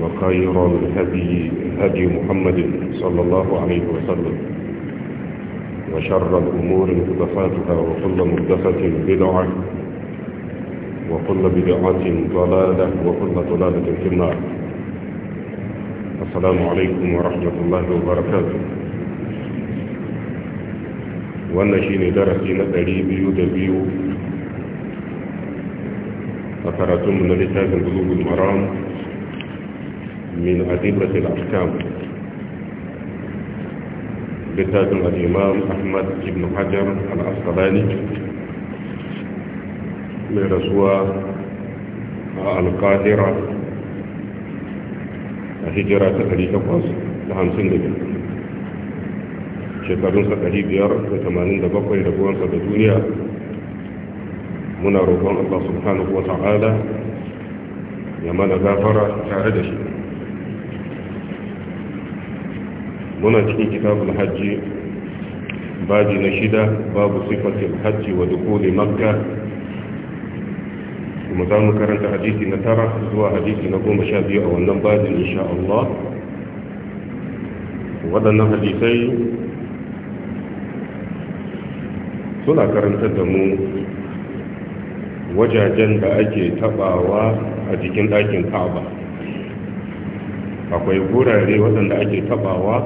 وخير الهدي هدي محمد صلى الله عليه وسلم وشر الأمور مهدفاتها وكل مهدفة بدعة وكل بدعة ضلالة وكل ضلالة في النار السلام عليكم ورحمة الله وبركاته وأنا شيني درسي na بيو دبيو karatunmu من littafin gulubul المرام من أدبة الأحكام بتاج الإمام أحمد بن حجر الأصلاني لرسوة القادرة هجرة تقريبا قص لهم سنجا شكرون سكريب يار كتمانين دبقى يدبون سكريب الدنيا من الله سبحانه وتعالى يمانا غفر تعالى شكرا muna cikin kitabul hajji baji na shida babu sifatil hajji wa dukuli makka kuma za mu karanta hadisi na tara zuwa hadisi na goma sha biyu a wannan bajin insha Allah waɗannan hadisai suna karantar da mu wajajen da ake tabawa a jikin ɗakin ka'aba akwai gurare waɗanda ake tabawa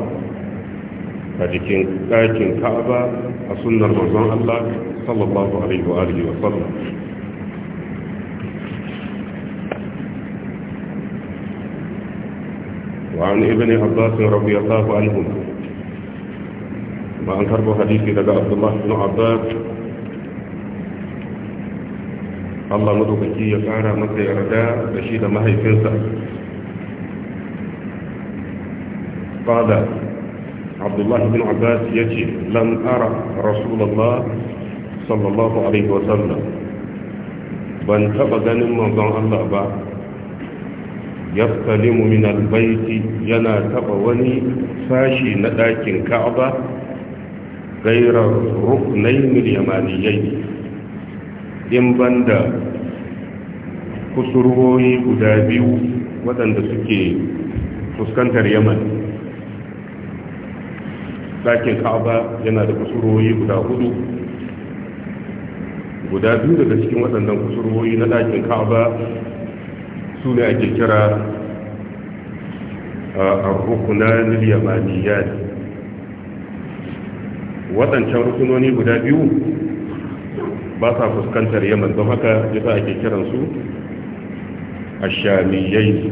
a jikin ɗakin ka'aba a sunnar manzon Allah sallallahu alaihi wa alihi wa sallam وعن ابن عباس رضي الله عنهما ما أنكره حديث لدى عبد الله بن عباس الله مدوكي يقارى مدى يرداء بشيد مهي فنسا قال abdullahi bin abbas ya ce lam ara rasulallah sallallahu ban taɓa ganin manzon allah ba yaftalimu min albaiti yana taɓa wani sashi na ɗakin ka'aba gairar ruknainul yamaniyai in banda kusurwoyi guda biyu waɗanda suke fuskantar yaman ɗakin ka'aba yana da kusurwoyi guda hudu guda biyu daga cikin waɗannan kusurwoyi na ɗakin ka'aba su ne ake kira a rukunan yamaniyar waɗancan rukunoni guda biyu ba sa fuskantar yaman don haka yasa ake kiransu a shamiyai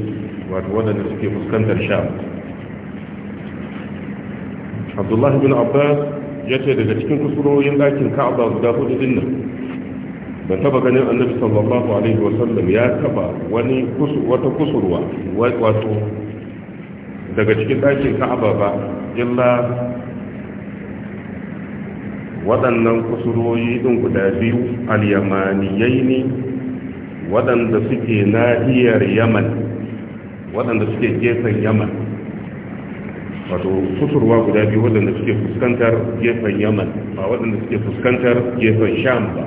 wato waɗanda suke fuskantar sham abdullahi bin abbas ya ce daga cikin kusurorin ɗakin ka'aba guda hudu din nan ban taba ganin annabi sallallahu alaihi wasallam ya taba wani wata kusurwa wato daga cikin ɗakin ka'aba ba illa waɗannan kusurwoyi ɗin guda biyu alyamaniyai ne waɗanda suke nahiyar yaman waɗanda suke gefen yaman wato kusurwa guda biyu wadanda suke fuskantar gefen yaman ba wadanda suke fuskantar gefen sham ba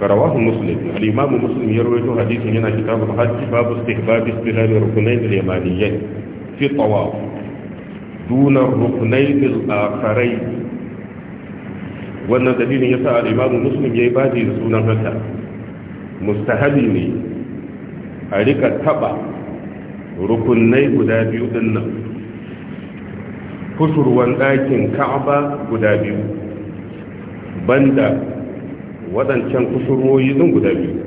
karawa musulmi al'imamu musulmi ya rawaito hadisin yana kitabu ba babu su babu su bilali rukunai da lemaniyyai fi tsawa duna rukunai da karai wannan dalilin ya sa al'imamu musulmi ya yi baji da sunan haka mustahabi ne a rika taba rukunai guda biyu din nan kusurwan ɗakin ka'aba guda biyu banda waɗancan kusurwoyi din guda biyu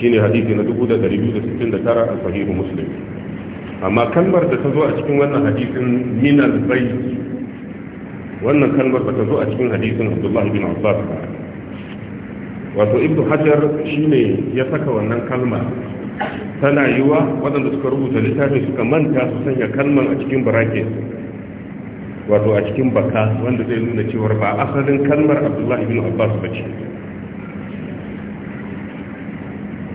shi ne hadithi na 2269 a sahihu muslim amma kalmar da ta zo a cikin wannan hadithin min al wannan kalmar da ta zo a cikin hadithin Abdullah bin Abbas wato ibnu hajar shi ne ya saka wannan kalmar. tana yiwa waɗanda suka rubuta littafin suka manta su sanya kalman a cikin barake wato a cikin baka wanda zai nuna cewar ba asalin kalmar abdullahi bin abbas ba ce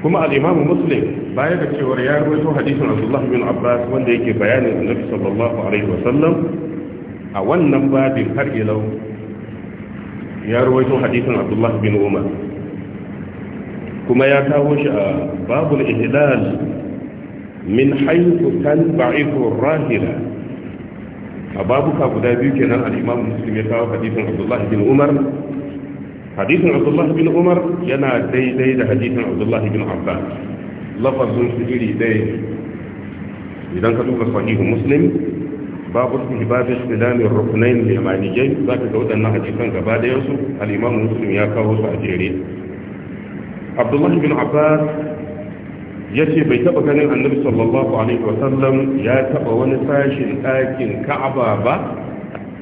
kuma al'imamu muslim baya da cewar ya ruwaito hadisin abdullahi bin abbas wanda yake bayanin annabi sallallahu alaihi wasallam a wannan babin har ilau ya ruwaito hadisin abdullahi bin umar kuma ya kawo shi a babul ihlal min haythu tanba'ihu rahila a babu ka guda biyu kenan al-imam muslim ya kawo hadithin abdullah bin umar Hadithin abdullah bin umar yana daidai da hadithin abdullah bin abbas lafazin su iri dai. idan ka duba sahihu muslim babu ihbab istilam ar-ruknayn li amaniyyin zaka ga wadannan hadisan gaba da yasu al-imam muslim ya kawo su a jere abdullahi bin abbas ya ce bai taɓa ganin annabi sallallahu alaihi wasallam ya taɓa wani sashin ɗakin ka'aba ba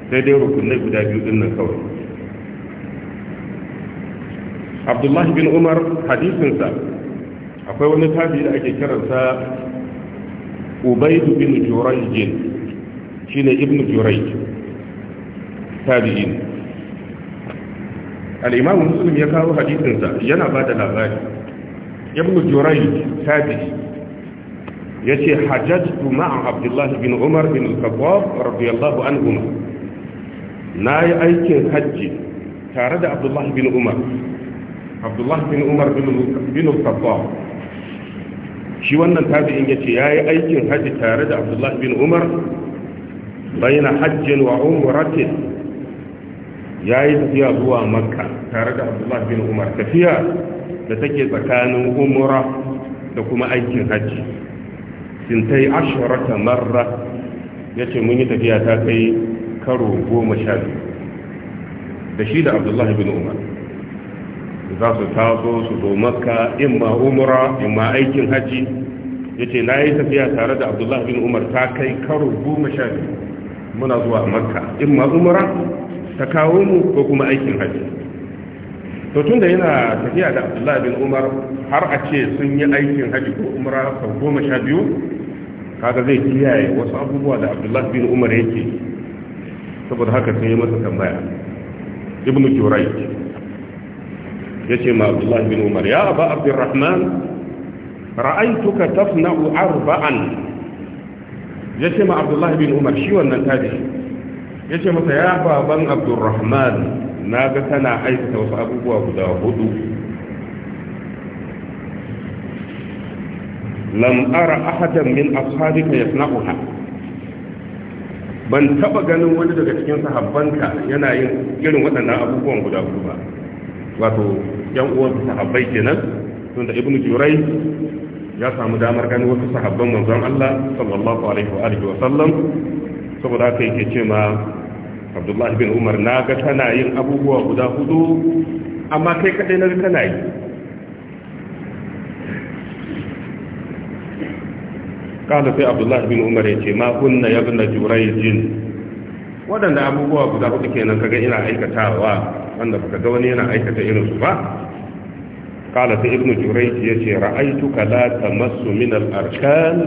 sai dai rukunai guda biyu din nan kawai abdullahi bin umar hadisinsa akwai wani tabi da ake kiransa ubaidu bin jurayjin shine ibnu jurayj tabi'in al'imam muslim ya kawo hadisinsa yana ba da labari ibn jurai tabi'i ya ce hajjajtu ma'a abdullahi bin umar bin al-khattab an anhu na yi aikin hajji tare da abdullahi bin umar abdullahi bin umar bin al-khattab shi wannan tabi'in ya ce ya yi aikin hajji tare da abdullahi bin umar bayna hajjin wa umratin ya yi tafiya zuwa makka tare da abdullahi bin umar tafiya da take tsakanin umura da kuma aikin hajji sintai ashirata marra ya ce mun yi tafiya ta kai karo goma sha biyu da shi da abdullahi bin umar za su taso su zo makka imma umura imma aikin hajji ya ce na yi tafiya tare da abdullahi bin umar ta kai karo goma sha biyu muna zuwa makka imma umura ta kawo mu ko kuma aikin hajji to tun da yana tafiya da abdullahi bin umar har a ce sun yi aikin hajji ko umra sau goma sha biyu kaga zai kiyaye wasu abubuwa da abdullahi bin umar yake saboda haka sun yi masa tambaya ibnu jurai ya ce ma abdullahi bin umar ya aba abdurrahman ra'aituka tafna'u arba'an ya ce ma abdullahi bin umar shi wannan tabi ya ce masa ya baban abdurrahman na ga tana aikata wasu abubuwa guda hudu lam ara ahadan min ashabika yasna'uha ban taba ganin wani daga cikin sahabbanka yana yin irin waɗannan abubuwan guda hudu ba wato yan uwan sahabbai kenan tunda ibnu jurai ya samu damar ganin wasu sahabban manzon Allah sallallahu alaihi wa alihi wa sallam saboda kai yake ce ma abdullahi bin umar na ga tana yin abubuwa guda hudu amma kai kadai na tana yi kala sai abdullahi bin umar ya ce ma kunna ya bin da jin waɗanda abubuwa guda hudu kenan kaga ina aikatawa wanda baka ga wani yana aikata irin su ba ibnu في ce ra'aytuka la tamassu min al-arkan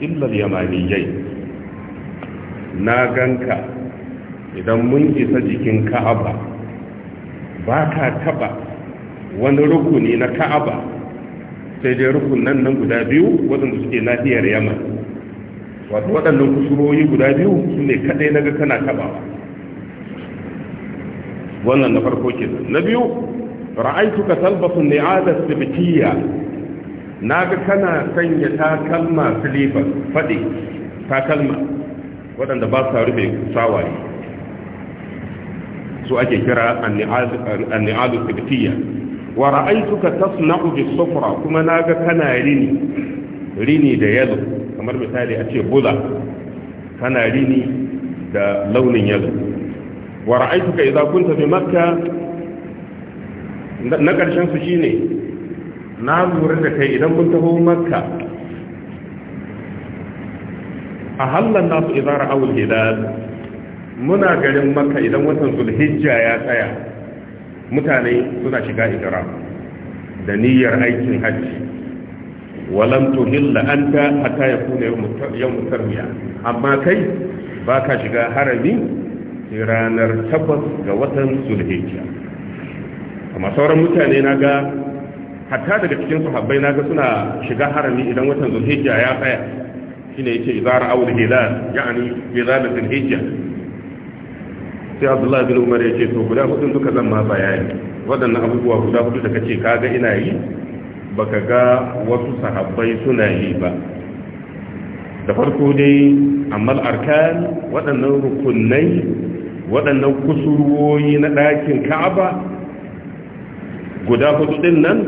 illa al-yamaniyyin na ganka idan mun isa jikin ka'aba ba ka taba wani rukuni na ka'aba sai dai rukunan nan guda biyu waɗanda suke nahiyar yaman wato waɗannan kusuroyi guda biyu su ne kaɗai na ga kana taɓawa. wannan na farko ke na biyu ka talbasu bikiya. Na ga kana sanya takalma filifas fadi takalma waɗanda ba sa rufe sawaye su ake kira anni'adu sibtiyya wa ra'aytuka tasna'u bis-sufra kuma na ga kana rini rini da yalo kamar misali a ce bula kana rini da launin yalo wa ra'aytuka idza kunta bi makka na karshen su shine na lura da kai idan kun taho makka a hallan nasu izara awul hilal muna garin makka idan watan zulhijja ya tsaya mutane suna shiga idara da niyyar aikin hajji walam tuhilla anta hatta yakuna yawm tarwiya amma kai baka shiga harami ranar tabbas ga watan zulhijja amma sauran mutane na ga hatta daga cikin sahabbai na ga suna shiga harami idan watan zulhijja ya tsaya shine yace izara aw hilal yani hilal al hijja sai abdullahi bin umar yace to guda hudun duka zan ma bayani wadannan abubuwa guda hudu da kace kaga ina yi baka ga wasu sahabbai suna yi ba da farko dai amal arkan waɗannan rukunai waɗannan kusurwoyi na ɗakin ka'aba guda hudu ɗin nan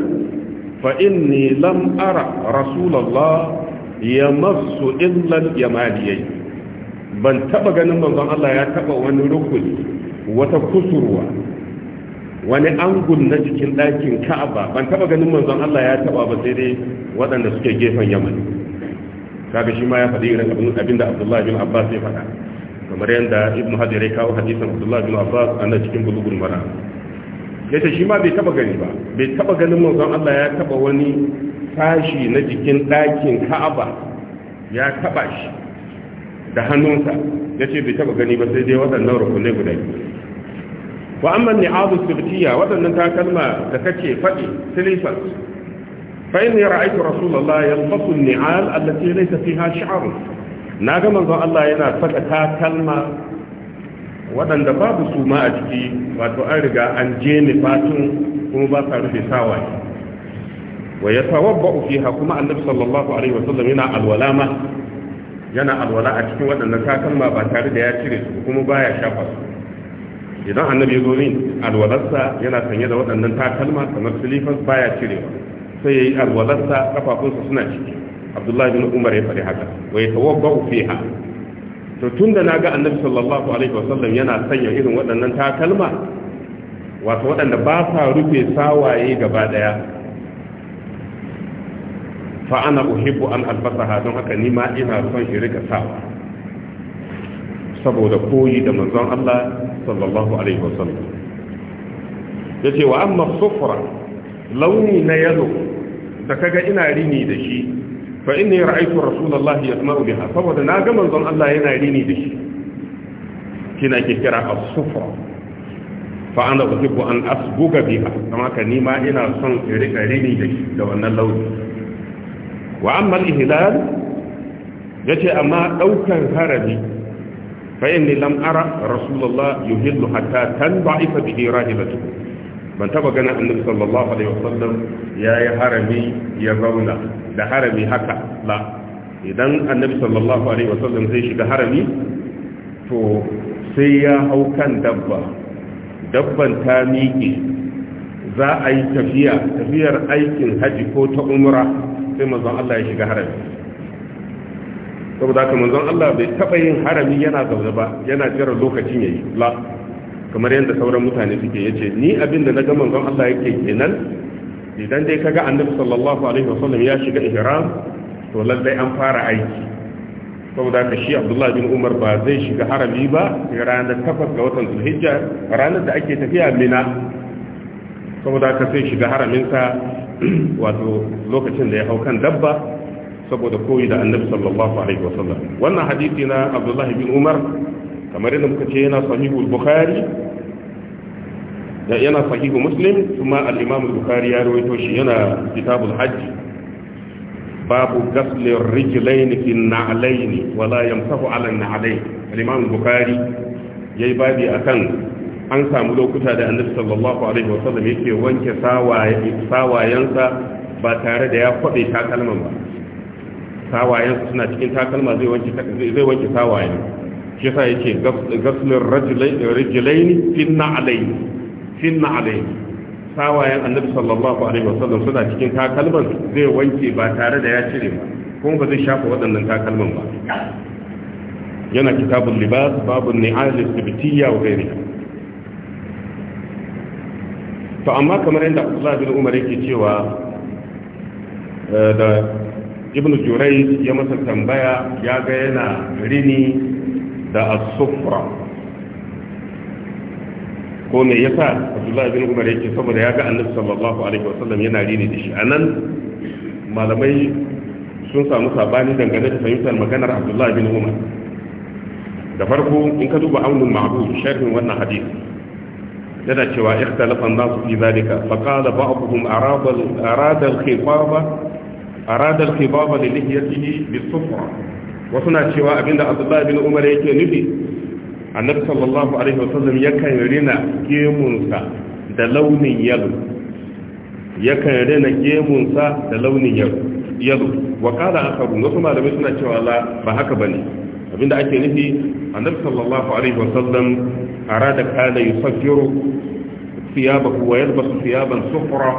fa inni lam ara rasulallah ya masu illal yamaliyai ban taba ganin manzon Allah ya taba wani rukuni wata kusurwa wani angul na cikin ɗakin ka'aba ban taba ganin manzon Allah ya taba ba sai dai waɗanda suke gefen yaman kaga shi ma ya faɗi irin abin abinda Abdullah bin Abbas ya faɗa kamar yadda Ibn Hajar ya kawo hadisin Abdullah bin Abbas a cikin bulugul mara yace shi ma bai taba gani ba bai taba ganin manzon Allah ya taba wani sashi na jikin ɗakin ka'aba ya taɓa shi da hannunsa ya ce bai taɓa gani ba sai dai waɗannan rukunai guda wa amma ni abu sirtiya waɗannan kalma da kace faɗi silifas fa inni ra'aytu rasulullah ya an-ni'al allati laysa fiha sha'r na ga manzon Allah yana saka kalma waɗanda babu su ma a ciki wato an riga an je ni fatun kuma ba sa rufe sawaye wa ya tawabba fiha kuma annabi sallallahu alaihi wa sallam yana alwala ma yana alwala a cikin waɗannan takalma ba tare da ya cire su kuma baya shafa su idan annabi ya zo min alwalarsa yana sanye da waɗannan takalma kamar silifas baya cire cirewa sai ya yi alwalarsa kafafunsa suna ciki abdullahi bin umar ya faɗi haka Wai ya tawabba fiha to tun da na ga annabi sallallahu alaihi wa sallam yana sanya irin waɗannan takalma wato waɗanda ba sa rufe sawaye gaba ɗaya fa ana uhibbu an albasaha don haka ni ma ina son shi rika sawa saboda koyi da manzon Allah sallallahu alaihi wasallam yace wa amma sufra launi na yalo da kaga ina rini da shi fa inni ra'aytu rasulullahi yasma'u biha saboda na ga manzon Allah yana rini da shi kina ke kira as-sufra fa ana uhibbu an asbuga biha kama ka ni ma ina son rika rini da shi da wannan launi wa amma al-ihlal yace amma daukar harami fa inni lam ara rasulullah yuhillu hatta tanba'ifa bihi rahilatu ban taba ganin annabi sallallahu alaihi wasallam yayi harami ya zauna da harami haka la idan annabi sallallahu alaihi wasallam zai shiga harami to sai ya hau kan dabba dabban ta miƙe za a yi tafiya tafiyar aikin haji ko ta umra sai manzon Allah ya shiga harami saboda haka manzon Allah bai taba yin harami yana zaune ba yana jira lokacin yayi la kamar yadda sauran mutane suke yace ni abin da naga manzon Allah yake kenan idan dai kaga annabi sallallahu alaihi wasallam ya shiga ihram to lallai an fara aiki saboda ka shi abdullahi bin umar ba zai shiga harami ba ranar takwas ga watan zulhijja ranar da ake tafiya mina saboda ka sai shiga haraminsa wato lokacin da ya hau kan dabba saboda koyi da annabi sallallahu alaihi wasallam wannan hadisi na abdullahi bin umar kamar yadda muka ce yana sahihul bukhari yana sahihu muslim kuma al-imam bukhari ya rawaito shi yana kitabul hajj babu ghasli rijlayn fi an-na'layn wa la yamsahu 'ala an-na'layn al-imam bukhari yayi babi akan an samu lokuta da annabi sallallahu alaihi wasallam yake wanke sawayensa ba tare da ya kwabe takalman ba sawayensa suna cikin takalma zai wanke zai wanke sawayen shi yasa yake gaslin rajulaini finna alayhi finna alayhi sawayen annabi sallallahu alaihi wasallam suna cikin takalman zai wanke ba tare da ya cire ba kuma ba zai shafa waɗannan takalman ba yana kitabun libas babu ni'al istibtiyya wa ghairihi to amma kamar yadda abdullahi bin umar yake cewa eh, da ibn jurai ya masa tambaya ya ga yana rini da asufra ko me yasa abdullahi bin umar yake saboda ya ga annabi sallallahu alaihi wasallam yana rini da shi anan malamai sun samu sabani dangane da fahimtar maganar abdullahi bin umar da farko in ka duba aunin ma'abu sharhin wannan hadisi yana cewa ikhtalafa an-nasu fi zalika fa qala ba'dhum arada arada al-khifaba arada al-khifaba li lihiyatihi bis-sufra wasu na cewa abinda Abdullah bin Umar yake nufi annabi sallallahu alaihi wasallam yakan rina gemunsa da launin yalo yakan rina gemunsa da launin yalo yalo wa qala akharu wasu malamai suna cewa la ba haka bane abinda ake nufi annabi sallallahu alaihi wasallam arada kana yusaffiru siyabahu wa yalbasu siyaban sufra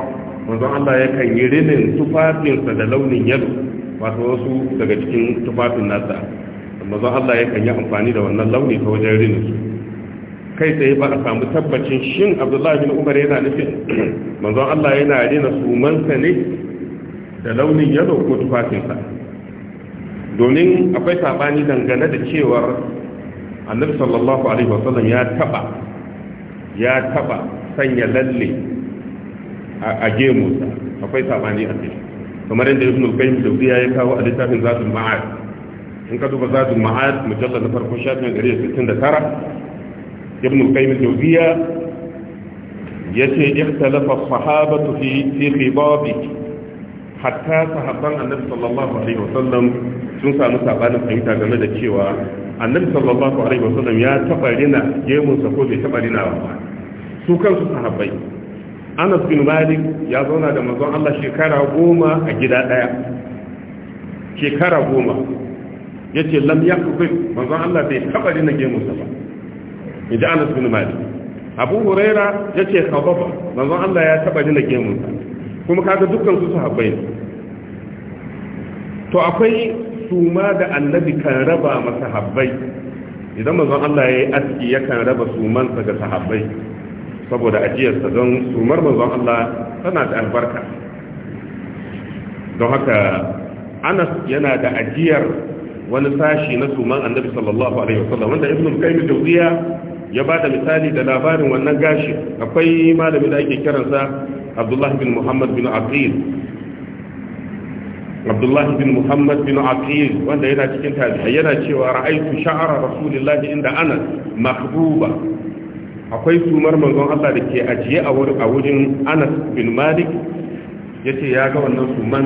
wanzu Allah yakan yi rinin tufafinsa da launin yalo wato wasu daga cikin tufafin nasa wanzu Allah yakan yi amfani da wannan launi ta wajen rinin su kai tsaye ba a samu tabbacin shin Abdullahi bin Umar yana nufin wanzu Allah yana rina sumansa ne da launin yalo ko tufafinsa domin akwai sabani dangane da cewar annabi sallallahu alaihi wasallam ya taba ya taba sanya lalle a gemunsa akwai sabani a cikin kamar yadda ibn al-qayyim jawziya ya yi kawo a littafin zatul ma'ad in ka duba zatul ma'ad mujallal na farko shafin gari 169 ibn al-qayyim jawziya yace ikhtalafa as-sahabatu fi fi khibabi hatta sahaban annabi sallallahu alaihi wasallam sun samu sabanin fahimta game da cewa annabi sallallahu alaihi wasallam ya taba rina gemunsa ko bai taba rinawa ba su kansu sahabbai anas bin malik ya zauna da mazan Allah shekara goma a gida daya shekara goma Ya yace lam yakfif mazan Allah bai taba dina gemunsa ba inda anas bin malik abu huraira ce khababa mazan Allah ya taba dina gemunsa kuma kaga dukkan su sahabbai to akwai suma da annabi kan raba masa habbai idan mazan Allah ya yi aski yakan raba sumansa ga sahabbai saboda ajiyarsa don sumar manzon Allah tana da albarka don haka anas yana da ajiyar wani sashi na suman annabi sallallahu alaihi wasallam wanda ibn qayyim jawziya ya bada misali da labarin wannan gashi akwai malami da ake kiransa abdullahi bin muhammad bin aqil abdullahi bin muhammad bin aqil wanda yana cikin tabi'i yana cewa ra'aytu sha'ara rasulillahi inda anas mahbuba akwai sumar manzon Allah da ke ajiye a wurin Anas bin Malik ya ce ya ga wannan suman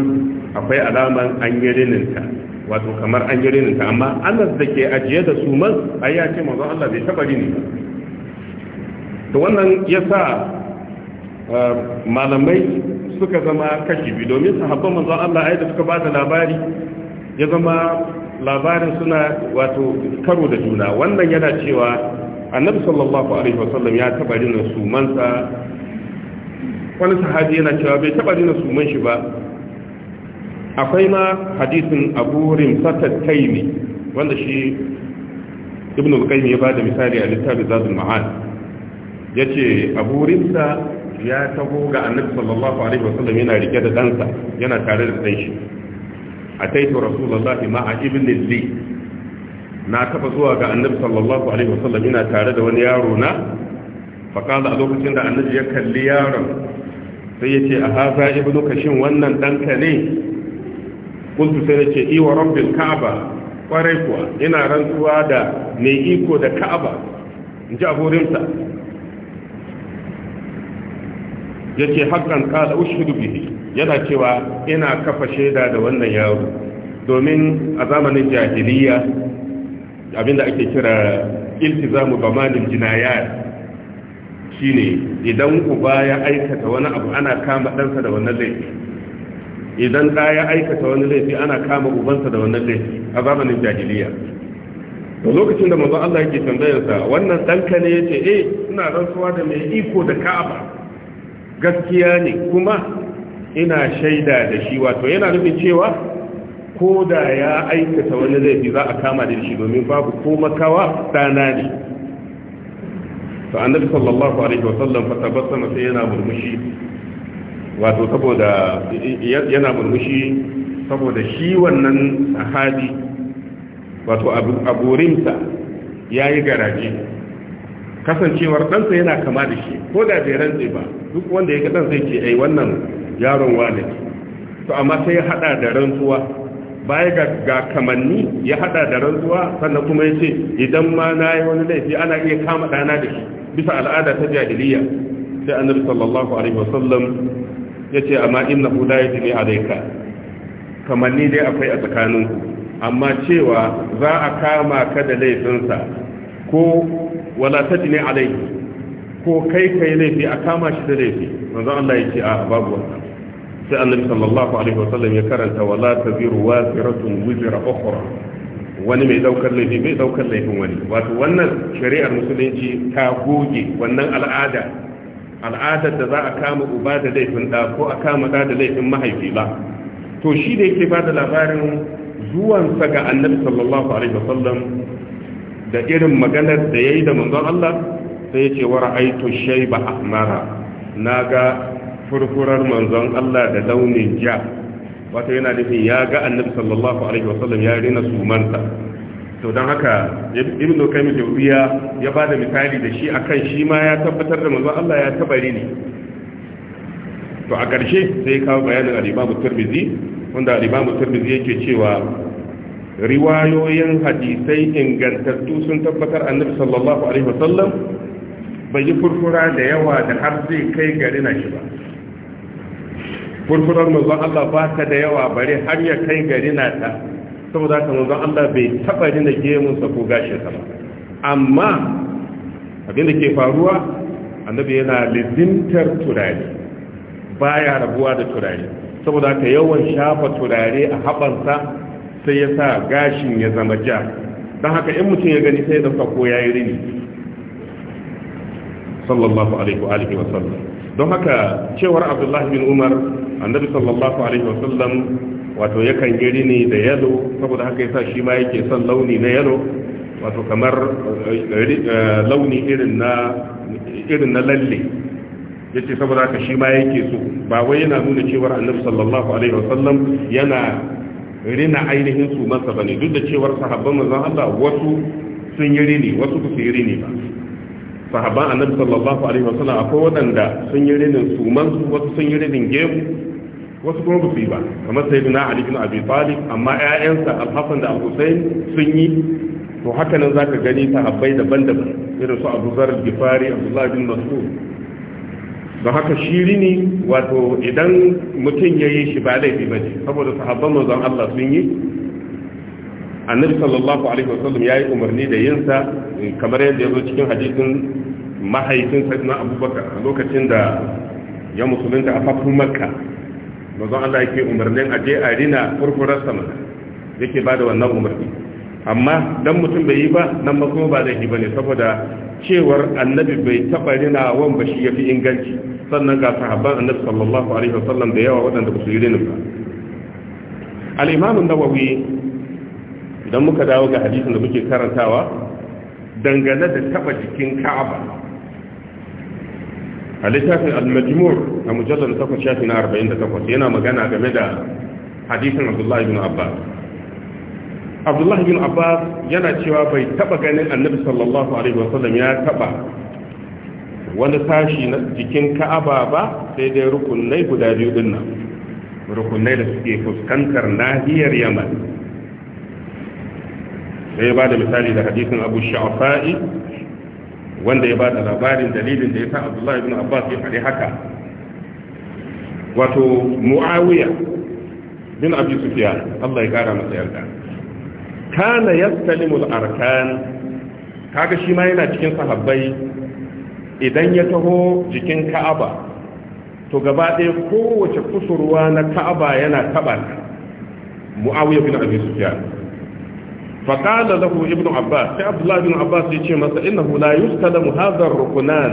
akwai alaman an yi wato kamar an yi amma Anas da ke ajiye da suman ai ya ce manzon Allah bai taɓa rini Da wannan ya sa eh, malamai suka zama kashi biyu domin sahabban manzon Allah ai da suka ba da labari ya zama labarin suna wato karo da juna wannan yana cewa annabi sallallahu alaihi wasallam ya taba rina sumansa wani sahabi yana cewa bai taba rina suman shi ba akwai ma hadisin abu rimsata taimi wanda shi ibn al-qayyim ya bada misali a littafin zadul ma'ad yace abu rimsa ya taho ga annabi sallallahu alaihi wasallam yana rike da dansa yana tare da dan shi ataitu rasulullahi ma'a ibn li na taba zuwa ga annabi sallallahu alaihi wasallam ina tare da wani yaro na faqala a lokacin da annabi ya kalli yaron sai ya ce a haza ibnu kashin wannan danka ne kuntu sai nace i wa rabbil ka'aba kwarai kuwa ina rantsuwa da mai iko da ka'aba in ji aborinsa ya ce haƙƙan ƙada ushidu bihi yana cewa ina kafa shaida da wannan yaro domin a zamanin jahiliya Abin da ake kira iltizamu bamanin shi shine idan uba ya aikata wani abu ana kama ɗansa da wannan laifi idan ɗa ya aikata wani laifi ana kama ubansa da wannan laifi a zamanin jahiliya da lokacin da maza Allah yake tambayarsa wannan ɗanka ne ce e, eh, suna rantsuwa da mai iko da Ka'aba gaskiya ne kuma ina shaida da shi wato yana nufin cewa ko da ya aikata wani laifi za a kama da shi domin babu ko makawa dana ne to annabi sallallahu alaihi wasallam fa tabassama sai yana murmushi wato saboda yana murmushi saboda shi wannan sahabi wato aburinsa ya yi garaje kasancewar ɗansa yana kama da shi ko da bai rantse ba duk wanda ya ga ɗansa ce ai wannan yaron wane to amma sai ya haɗa da rantsuwa baya ga ga kamanni ya hada da rantsuwa sannan kuma ya ce idan ma na yi wani laifi ana iya kama ɗana da shi bisa al'ada ta jahiliya sai annabi sallallahu alaihi wasallam ya ce amma inna huda ya jini kamanni dai akwai a tsakaninku amma cewa za a kama ka da laifinsa ko wala ta alayhi ko kai kai laifi a kama shi da laifi manzo Allah ya ce a babu wannan sai annabi sallallahu alaihi wa sallam ya karanta wala taziru waziratun wizra ukhra wani mai daukar laifi bai daukar laifin wani wato wannan shari'ar musulunci ta goge wannan al'ada al'adar da za a kama uba da laifin da ko a kama da da laifin mahaifi ba to shi da yake ba da labarin sa ga annabi sallallahu alaihi wasallam da irin maganar da yayi da manzon Allah sai ya ce wa ra'aytu shayba ahmara naga furfurar manzon Allah da launin ja wato yana nufin ya ga annabi sallallahu alaihi wasallam ya rina sumansa to don haka ibn qayyim jawziya ya bada misali da shi akan shi ma ya tabbatar da manzon Allah ya taba rini to a ƙarshe sai kawo bayanin al-Imam Tirmidhi wanda al-Imam Tirmidhi yake cewa riwayoyin hadisai ingantattu sun tabbatar annabi sallallahu alaihi wasallam bai yi furfura da yawa da har zai kai gari shi ba furfurar manzon Allah ba ta da yawa bare har ya kai gari na ta saboda haka manzon Allah bai taba rina gemunsa ko gashin sa amma abin da ke faruwa annabi yana lizintar turare baya rabuwa da turare saboda haka yawan shafa turare a habansa sai ya sa gashin ya zama ja dan haka in mutum ya gani sai ya dauka ko yayi rini sallallahu alaihi wa alihi wa sallam don haka cewar abdullahi bin umar annabi sallallahu alaihi wasallam wato yakan gari ne da yalo saboda haka yasa shi ma yake son launi na yalo wato kamar eh, launi irin na irin na lalle yace saboda haka shi ma yake so ba wai yana nuna cewar annabi sallallahu alaihi wasallam yana rina ainihin su masa bane duk da cewar sahabban manzon Allah wasu sun yi rini wasu ba su yi rini ba sahaban annabi sallallahu alaihi wasallam akwai waɗanda sun yi rinin suman su wasu sun yi rinin gemu wasu kuma ba su yi ba kamar sayyidina ali bin abi talib amma ƴaƴansa al-hasan da al-husayn sun yi to haka nan zaka gani sahabbai daban-daban irin su Abu Zar al-Ghifari Abdullah bin Mas'ud da haka shiri ne wato idan mutum ya yi shi ba laifi ba ne saboda sahabban manzon Allah sun yi annabi sallallahu alaihi wasallam ya yi umarni da yinsa kamar yadda ya zo cikin hadisin mahaifin na abubakar a lokacin da ya musulunta a fafin makka mazan allah yake umarnin aje a rina furfurar sama yake ba da wannan umarni amma dan mutum bai yi ba nan ba kuma ba yi ba ne saboda cewar annabi bai taɓa wan ba shi ya fi inganci sannan ga sahabban annabi sallallahu alaihi wasallam da yawa waɗanda ba su yi rinin ba al'imamun nawawi idan muka dawo ga hadisin da muke karantawa dangane da taɓa jikin ka'aba a littafin al-majmu' a mujallal takwas shafi na 48 yana magana game da hadisin Abdullahi bin Abbas Abdullahi bin Abbas yana cewa bai taba ganin Annabi sallallahu alaihi wasallam ya taba wani tashi na jikin Ka'aba ba sai dai rukunai guda biyu din nan rukunai da suke fuskantar nahiyar Yaman sai ba da misali da hadisin Abu Sha'fa'i wanda ya ba da labarin dalilin da ya sa abdullahi ibn abbas ya fare haka wato muawiya bin abi sufyan Allah ya kara masa yarda kana yastalimul arkan kaga shi ma yana cikin sahabbai idan ya taho jikin ka'aba to gaba ɗaya kowace kusurwa na ka'aba yana taɓa muawiya bin abi sufyan faƙala lahu Ibn abbas sai abdullahi bin abbas ya ce masa innahu la yuskalamu hadha rukunan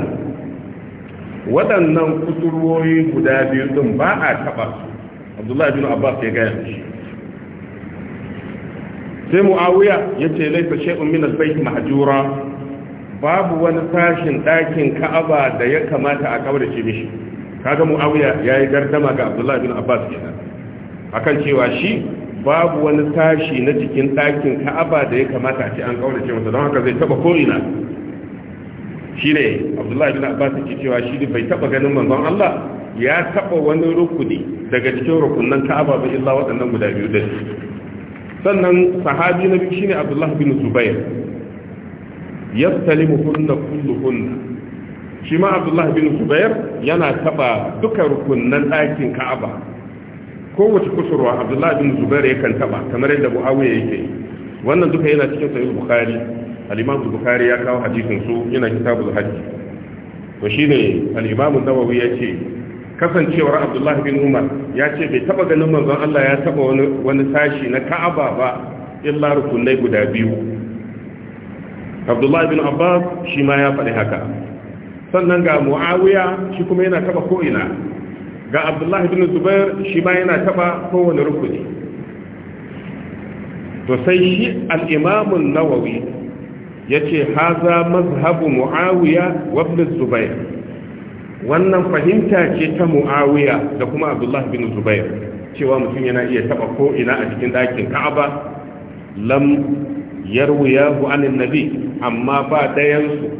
waɗannan kusurwoyi guda biyu din ba a taɓa abdullahi bin abbas ya gaya shi sai muawiya ya ce laifin shay'un min al-bayt mahjura babu wani sashin ɗakin ka'aba da ya kamata a kawar da shi mishi kaga muawiya yi gardama ga abdullahi bin abbas kenan akan cewa shi babu wani tashi na cikin ɗakin ka'aba da ya kamata a ce an kaurace masa don haka zai taba ko'ina shi ne abdullahi bin abbas ke cewa shi ne bai taba ganin manzon Allah ya taba wani rukuni daga cikin rukunan ka'aba ba illa waɗannan guda biyu da sannan sahabi na biyu shine abdullahi bin zubair ya yastalimu kunna kulluhunna shi ma abdullahi bin zubair yana taba duka rukunan ɗakin ka'aba kowace kusurwa abdullahi bin zubair kan taba kamar yadda muawiya yake wannan duka yana cikin sahih bukhari al-imam bukhari ya kawo hadisin su yana kitabul hajj to shine al-imam an-nawawi yace kasancewar abdullahi bin umar ya ce bai taba ganin manzon Allah ya taba wani wani tashi na ka'aba ba illa rukunai guda biyu abdullahi bin abbas shi ma ya faɗi haka sannan ga muawiya shi kuma yana taba ko ina ga abdullahi bin zubair shi ma yana taba kowane rukuni to sai shi al'imamun nawawi ya ce haza mazhabu mu'awiya wa bin zubair wannan fahimta ce ta mu'awiya da kuma abdullahi bin zubair cewa mutum yana iya taba ko ina a cikin ɗakin ka'aba lam yarwiyahu anin nabi amma ba dayansu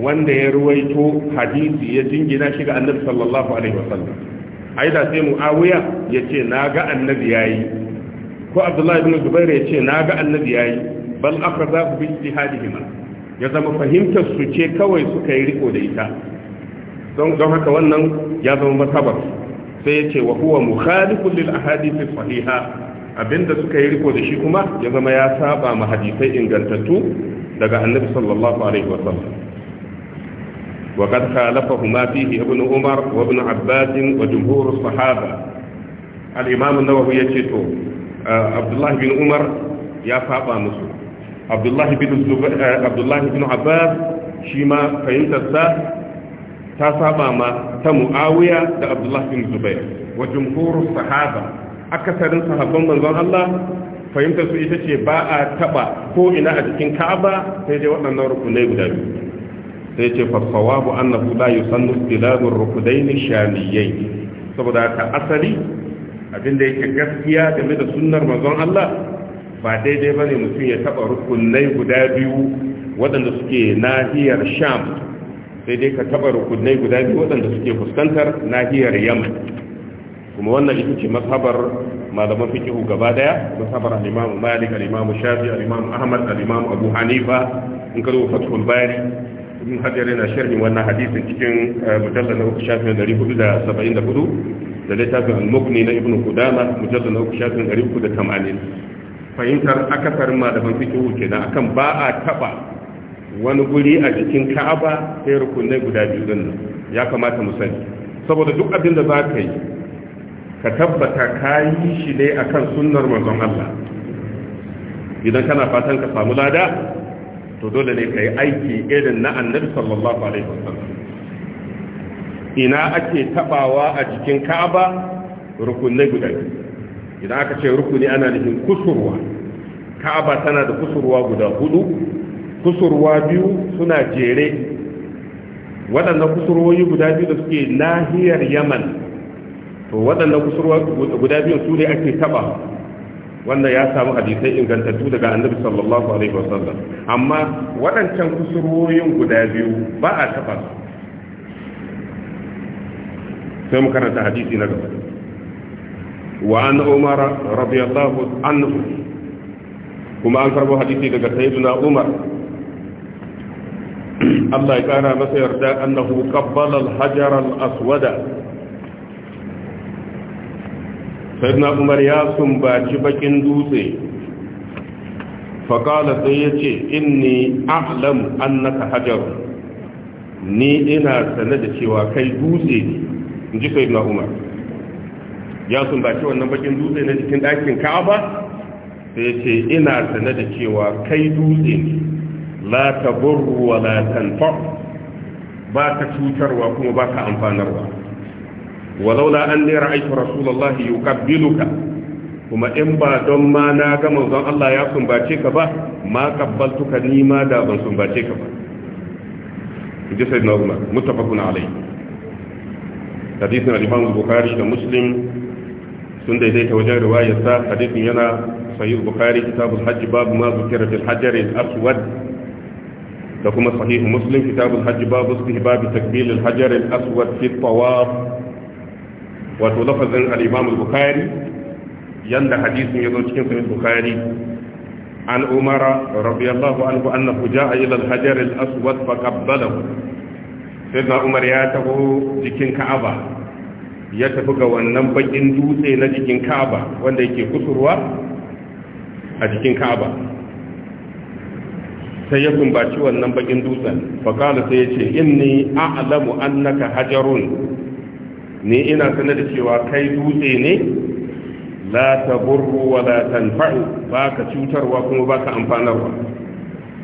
wanda ya ruwaito hadisi ya jingina shi ga annabi sallallahu alaihi wasallam aida sai muawiya yace naga annabi yi ko abdullahi ibn zubair yace naga annabi yayi bal akhadha bi ijtihadihima ya zama fahimtar su ce kawai suka yi riko da ita don don haka wannan ya zama masabar sai yace wa huwa mukhalifun lil ahadith sahiha abinda suka yi riko da shi kuma ya zama ya saba ma hadisai ingantattu daga annabi sallallahu alaihi wasallam وقد خالفهما فيه ابن عمر وابن عباس وجمهور الصحابة الإمام النووي يشتو عبد الله بن عمر يا فابا مسو عبد الله بن عبد الله بن عباس شيما فهمت ta saba ma ta mu'awiya da abdullahi bin zubair wa jumhurus sahaba akasarin sahabban manzon Allah fahimtar ita ce ba a taɓa ko ina a cikin ka'aba sai dai waɗannan rukunai guda biyu sai ce fasawabu annahu la yusannu istilalur rukudain shamiyain saboda ta asali abinda yake gaskiya game da sunnar manzon Allah ba daidai bane mutum ya taba rukunai guda biyu wadanda suke nahiyar Sham sai dai ka taba rukunai guda biyu wadanda suke fuskantar nahiyar Yaman kuma wannan ita ce masabar malaman fiqh gaba daya masabar al-Imam Malik al-Imam Shafi al-Imam Ahmad al-Imam Abu Hanifa in ka zo Fathul Bari ibn hajar yana sharhin wannan hadisin cikin eh, mujallar na uku shafin dari hudu da saba'in da hudu da littafin al-mukni na ibn kudama mujallar na uku shafin dari uku da tamanin fahimtar akasarin malaman fikihu na akan ba a taba wani guri a jikin ka'aba sai rukunai guda biyu din nan ya kamata mu sani saboda duk abin da za ka yi ka tabbata ka yi shi ne akan sunnar manzon Allah idan kana fatan ka samu lada to dole ne kai aiki irin na annabi sallallahu alaihi wasallam ina ake tabawa a jikin ka'aba rukunai guda idan aka ce rukuni ana nufin kusurwa ka'aba tana da kusurwa guda hudu kusurwa biyu suna jere waɗannan kusurwoyi guda biyu da suke nahiyar yaman to waɗannan kusurwa guda biyu su ne ake tabawa wanda ya samu hadisai ingantattu daga annabi sallallahu alaihi wasallam amma waɗancan kusurorin guda biyu ba a taɓa su sai mu karanta hadisi na gaba wa an umar radiyallahu anhu kuma an karbo hadisi daga sayyidina umar Allah ya kara masa yarda annahu qabbala al-hajar al-aswada sayyidina umar ya sumbaci bakin dutse faƙala sai ya ce inni ahlam annaka hajar ni ina sane da cewa kai dutse in ji sayyidina umar ya sumbaci wannan bakin dutse na cikin ɗakin ka'aba sai ya ce ina sane da cewa kai dutse ne la taburru wa la ba ta cutarwa kuma ba ka amfanarwa Walau walaula an ne ra'aytu rasulullahi yuqabbiluka kuma in ba don ma na ga manzon Allah ya sumbace ka ba ma kabbaltuka ni ma da ban sumbace ka ba ji sai na umar muttafaqun alai hadisin al-Imam Bukhari da Muslim sun daidaita wajen riwayar sa hadisin yana sahih Bukhari kitabul hajj babu ma zikira fil hajar al-aswad da kuma sahih Muslim kitabul hajj babu istihbab takbil al-hajar al-aswad fi tawaf wato lafazin al-imam al-bukhari yanda hadisin yazo cikin sahih bukhari an umara radiyallahu anhu annahu jaa ila al-hajar al-aswad faqabbalahu sayyidina umar ya taho jikin ka'aba ya tafi ga wannan bakin dutse na jikin ka'aba wanda yake kusurwa a jikin ka'aba sai ya kumbaci wannan bakin dutsen faqala sai ya ce inni a'lamu annaka hajarun Ni ina sanar da cewa kai dutse ne la taburru wa la tanfa'u baka cutarwa kuma ka amfanarwa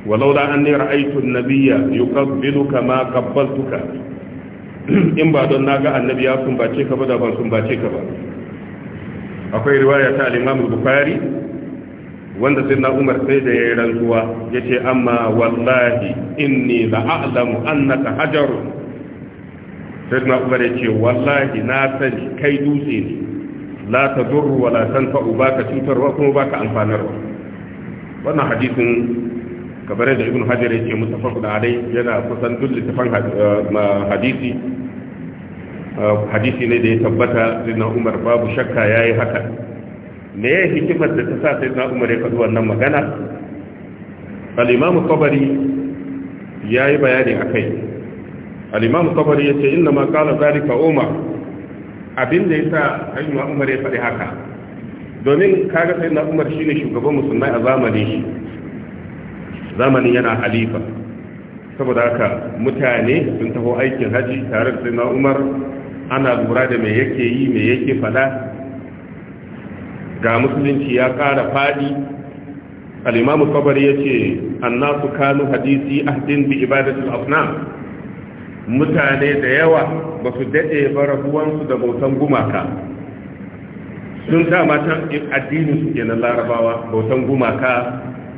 walaula anni ra'aytu an-nabiyya yuqabbiluka ma qabbaltuka in ba don naga annabi ya sumbace ka ba da ban sumbace ka ba akwai riwaya ta al-Imam Bukhari wanda sai na Umar sai da yayi rantsuwa Ya ce amma wallahi inni la a'lamu annaka hajarun sai na umar ya ce wallahi na sani kai dutse ne la ta zurru wa la ba ka cutarwa kuma ba baka amfanarwa wannan hadisin kabarai da ibn hajar ya ce mutafaq da adai yana kusan duk littafan eh, hadisi eh, hadisi ne da ya tabbata sai na umar babu shakka ya yi haka me ya hikimar da ta sa sai na umar ya faɗi wannan magana al kabari ya yi bayani a kai. Alimamu imam tabari yace inna ma qala zalika umar abin da yasa ayyuma umar ya faɗi haka domin kaga sai na umar ne shugaban musulmai a zamanin shi zamanin yana halifa saboda haka mutane sun taho aikin haji tare da sai na umar ana lura da me yake yi me yake faɗa ga musulunci ya ƙara faɗi al'imamu yace, ya ce annasu kanu hadisi ahdin bi ibadatul afnam mutane da yawa ba su daɗe ba rabuwansu da bautan gumaka sun dama can addinin su kenan larabawa bautan gumaka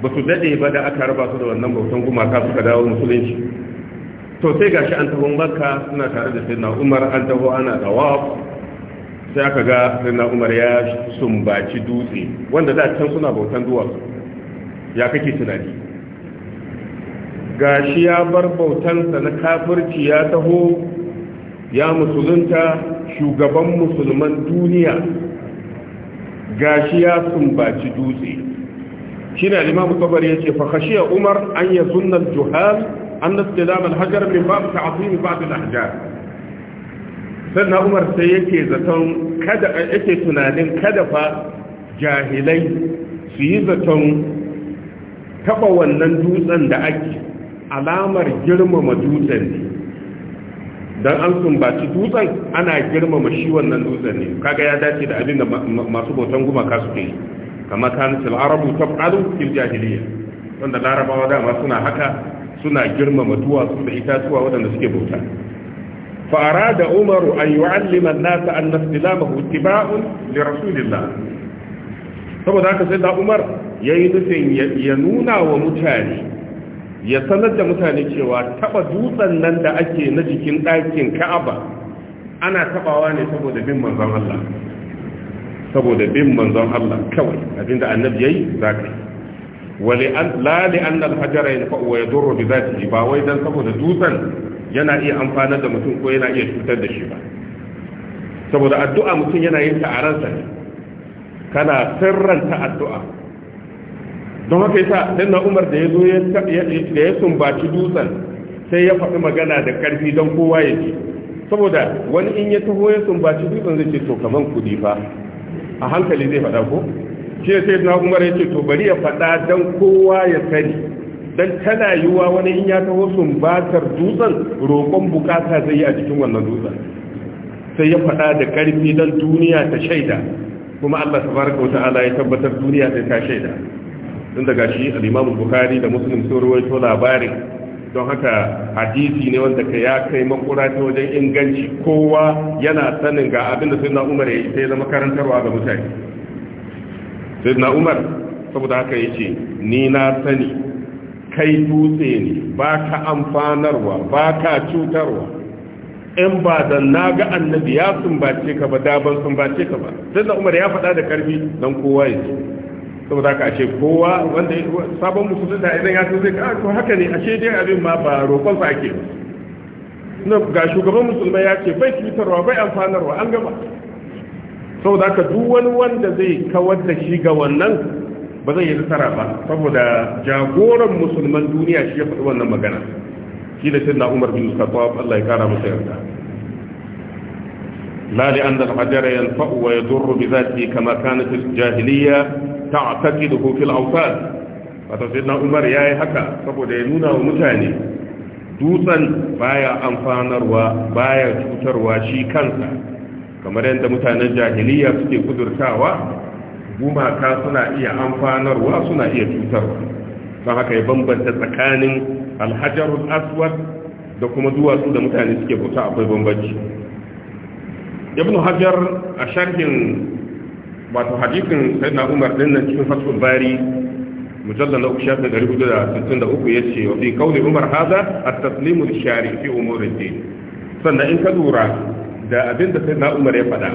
ba su daɗe ba da aka raba su da wannan bautan gumaka suka dawo musulunci to sai gashi an tahon makka suna tare da sayyidina umar an taho ana tawaf sai aka ga sayyidina umar ya sumbaci dutse wanda da can suna bautan duwa ya kake tunani gashi ya bar bautansa na kafirci ya taho ya musulunta shugaban musulman duniya gashi ya sumbaci dutse shi ne limamu tsabar ya ce fakashiya umar an yi sunan juhal an na stilaman hajar min babu ta'afini babu da hajar sannan umar sai yake zaton kada yake tunanin kada fa jahilai su yi zaton taba wannan dutsen da ake alamar girmama dutsen ne don an sumbaci dutsen ana girmama shi wannan dutsen ne kaga ya dace da abin da masu bautan ka suke yi kama til arabu taf'alu fil jahiliya wanda larabawa dama suna haka suna girmama duwatsu da itatuwa waɗanda suke bauta فأراد عمر أن nasa الناس أن استلامه اتباع لرسول rasulillah saboda haka sai da Umar yayi nufin ya nuna wa mutane ya sanar da mutane cewa taba dutsen nan da ake na jikin ɗakin ka'aba ana tabawa ne saboda bin manzon Allah saboda bin manzon Allah kawai abinda annabi yayi zaka wali an la li anna al hajara yanfa'u wa yadur bi zatihi ba wai dan saboda dutsen yana iya amfana da mutum ko yana iya cutar da shi ba saboda addu'a mutum yana yin ta a ransa kana sirranta addu'a don haka yasa dan na umar da ya da ya sumbaci dutsen sai ya faɗi magana da ƙarfi don kowa ya ji saboda wani in ya taho ya sumbaci dutsen zai ce to kaman kudi fa a hankali zai faɗa ko shi sai na umar ya ce to bari ya faɗa don kowa ya sani dan tana yiwuwa wani in ya taho sumbatar dutsen roƙon bukata zai yi a jikin wannan dutsen sai ya faɗa da ƙarfi don duniya ta shaida kuma allah tabaraka wa ta'ala ya tabbatar duniya ta shaida tun daga shi al-Imam Bukhari da Muslim sun ruwaito labarin don haka hadisi ne wanda ka ya kai makura ta wajen inganci kowa yana sanin ga abinda sai na Umar ya yi sai zama karantarwa ga mutane na Umar saboda haka yace ni na sani kai dutse ne ba ka amfanarwa ba ka cutarwa in ba da na ga annabi ya bace ka ba da ban bace ka ba sai na umar ya faɗa da karfi don kowa ya ce saboda ka ce, kowa wanda sabon musulunta idan ya san zai ka ah, to haka ne a ce dai abin ma ba roƙon sa ake na ga shugaban musulmai ya ce bai fitarwa, bai amfanarwa an gaba saboda haka duk wani wanda zai kawar da shi ga wannan ba zai yi nasara ba saboda jagoran musulman duniya shi ya faɗi wannan magana shi da na umar bin khattab Allah ya kara masa yarda la li anna al-hajara yanfa'u wa yadurru bi dhatihi kama kanat al-jahiliyya ta'taqiduhu fil awsan wato sai na Umar yayi haka saboda ya nuna wa mutane dutsen baya amfanarwa baya cutarwa shi kansa kamar yadda mutanen jahiliya suke kudurtawa gumaka suna iya amfanarwa suna iya cutarwa don haka ya bambanta tsakanin alhajarul aswad da kuma duwatsu da mutane suke bauta akwai bambanci ibn hajar a sharhin wato hadisin na umar din nan cikin fasul bari mujallal uku shafi dari hudu da sittin da uku ya ce wa fi kauli umar haza a taslimu shari fi umurin din sannan in ka lura da abin da na umar ya faɗa